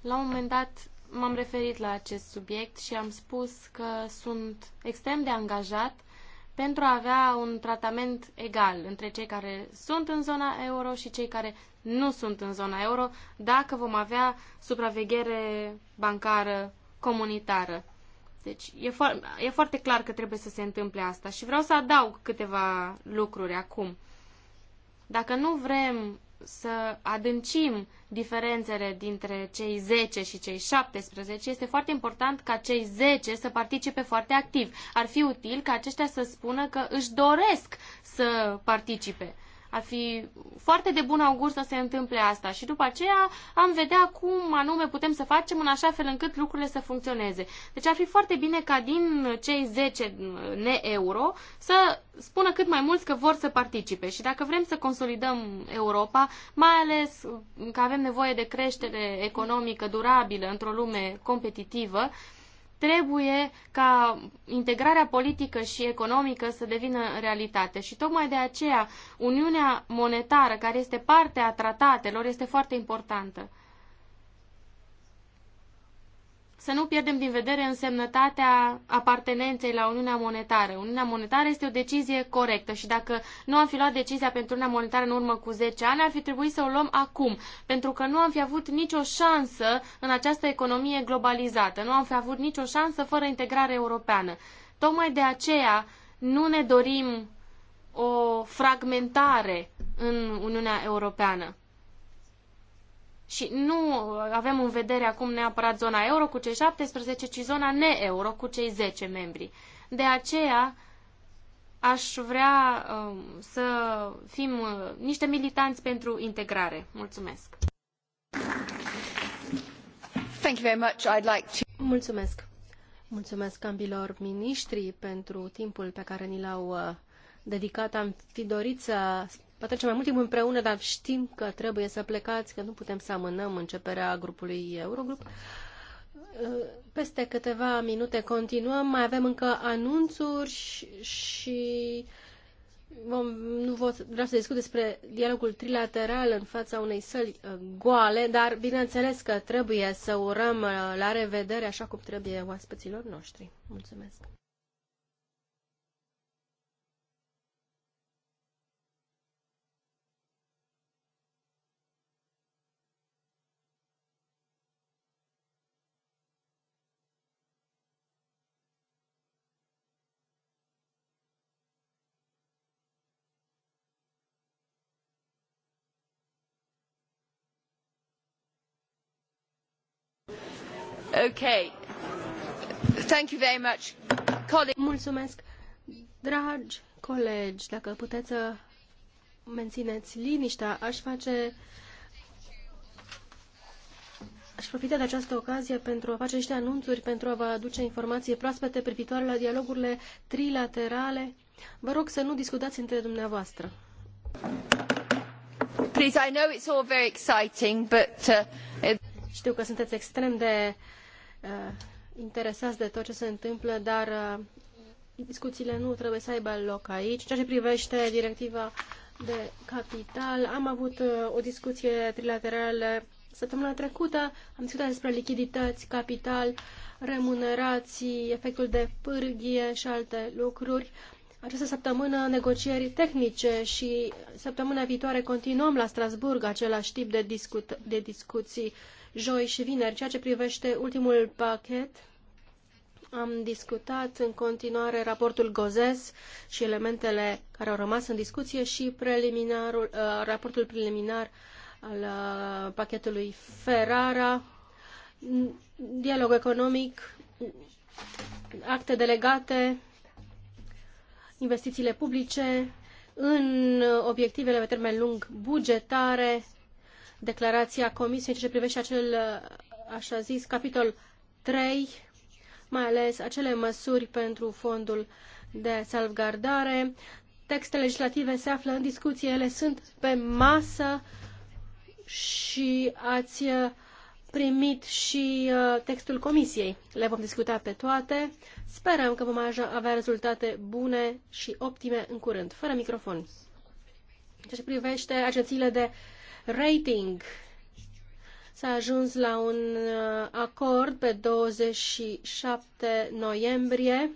[SPEAKER 2] la un moment dat m-am referit la acest subiect și am spus că sunt extrem de angajat pentru a avea un tratament egal între cei care sunt în zona euro și cei care nu sunt în zona euro, dacă vom avea supraveghere bancară comunitară. Deci e, fo- e foarte clar că trebuie să se întâmple asta și vreau să adaug câteva lucruri acum. Dacă nu vrem să adâncim diferențele dintre cei 10 și cei 17, este foarte important ca cei 10 să participe foarte activ. Ar fi util ca aceștia să spună că își doresc să participe. Ar fi foarte de bun augur să se întâmple asta și după aceea am vedea cum anume putem să facem în așa fel încât lucrurile să funcționeze. Deci ar fi foarte bine ca din cei 10 ne-euro să spună cât mai mulți că vor să participe și dacă vrem să consolidăm Europa, mai ales că avem nevoie de creștere economică durabilă într-o lume competitivă, trebuie ca integrarea politică și economică să devină realitate. Și tocmai de aceea Uniunea Monetară, care este parte a tratatelor, este foarte importantă să nu pierdem din vedere însemnătatea apartenenței la Uniunea Monetară. Uniunea Monetară este o decizie corectă și dacă nu am fi luat decizia pentru Uniunea Monetară în urmă cu 10 ani, ar fi trebuit să o luăm acum, pentru că nu am fi avut nicio șansă în această economie globalizată, nu am fi avut nicio șansă fără integrare europeană. Tocmai de aceea nu ne dorim o fragmentare în Uniunea Europeană și nu avem în vedere acum neapărat zona euro cu cei 17, ci zona ne-euro cu cei 10 membri. De aceea aș vrea uh, să fim uh, niște militanți pentru integrare. Mulțumesc!
[SPEAKER 3] Thank you very much. I'd like to... Mulțumesc! Mulțumesc ambilor miniștri pentru timpul pe care ni l-au uh, dedicat. Am fi dorit să petrecem mai mult timp împreună, dar știm că trebuie să plecați, că nu putem să amânăm începerea grupului Eurogrup. Peste câteva minute continuăm, mai avem încă anunțuri și, și vom, nu vă, vreau să discut despre dialogul trilateral în fața unei săli uh, goale, dar bineînțeles că trebuie să urăm uh, la revedere așa cum trebuie oaspeților noștri. Mulțumesc! Mulțumesc. Dragi colegi, dacă puteți să mențineți liniștea, aș face Aș profita de această ocazie pentru a face niște anunțuri, pentru a vă aduce informații proaspete privitoare la dialogurile trilaterale. Vă rog să nu discutați între dumneavoastră. Please, I know it's all very exciting, but, uh... Știu că sunteți extrem de Uh, interesați de tot ce se întâmplă, dar uh, discuțiile nu trebuie să aibă loc aici. Ceea ce privește directiva de capital, am avut uh, o discuție trilaterală săptămâna trecută, am discutat despre lichidități, capital, remunerații, efectul de pârghie și alte lucruri. Această săptămână negocieri tehnice și săptămâna viitoare continuăm la Strasburg același tip de, discu- de discuții joi și vineri. Ceea ce privește ultimul pachet, am discutat în continuare raportul Gozes și elementele care au rămas în discuție și preliminarul, uh, raportul preliminar al uh, pachetului Ferrara, dialog economic, acte delegate, investițiile publice, în obiectivele pe termen lung bugetare declarația Comisiei în ce privește acel, așa zis, capitol 3, mai ales acele măsuri pentru fondul de salvgardare. Textele legislative se află în discuție, ele sunt pe masă și ați uh, primit și uh, textul comisiei. Le vom discuta pe toate. Sperăm că vom avea rezultate bune și optime în curând, fără microfon. ce privește agențiile de rating. S-a ajuns la un uh, acord pe 27 noiembrie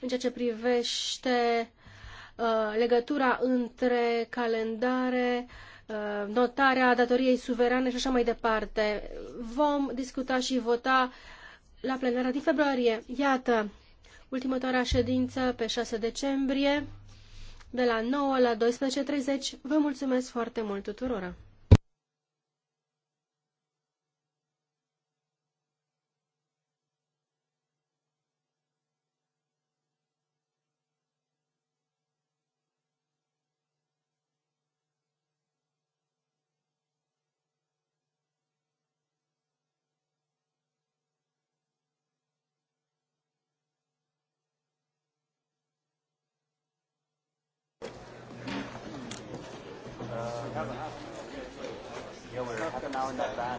[SPEAKER 3] în ceea ce privește uh, legătura între calendare, uh, notarea datoriei suverane și așa mai departe. Vom discuta și vota la plenara din februarie. Iată, ultimătoarea ședință pe 6 decembrie de la 9 la 12.30. Vă mulțumesc foarte mult tuturora!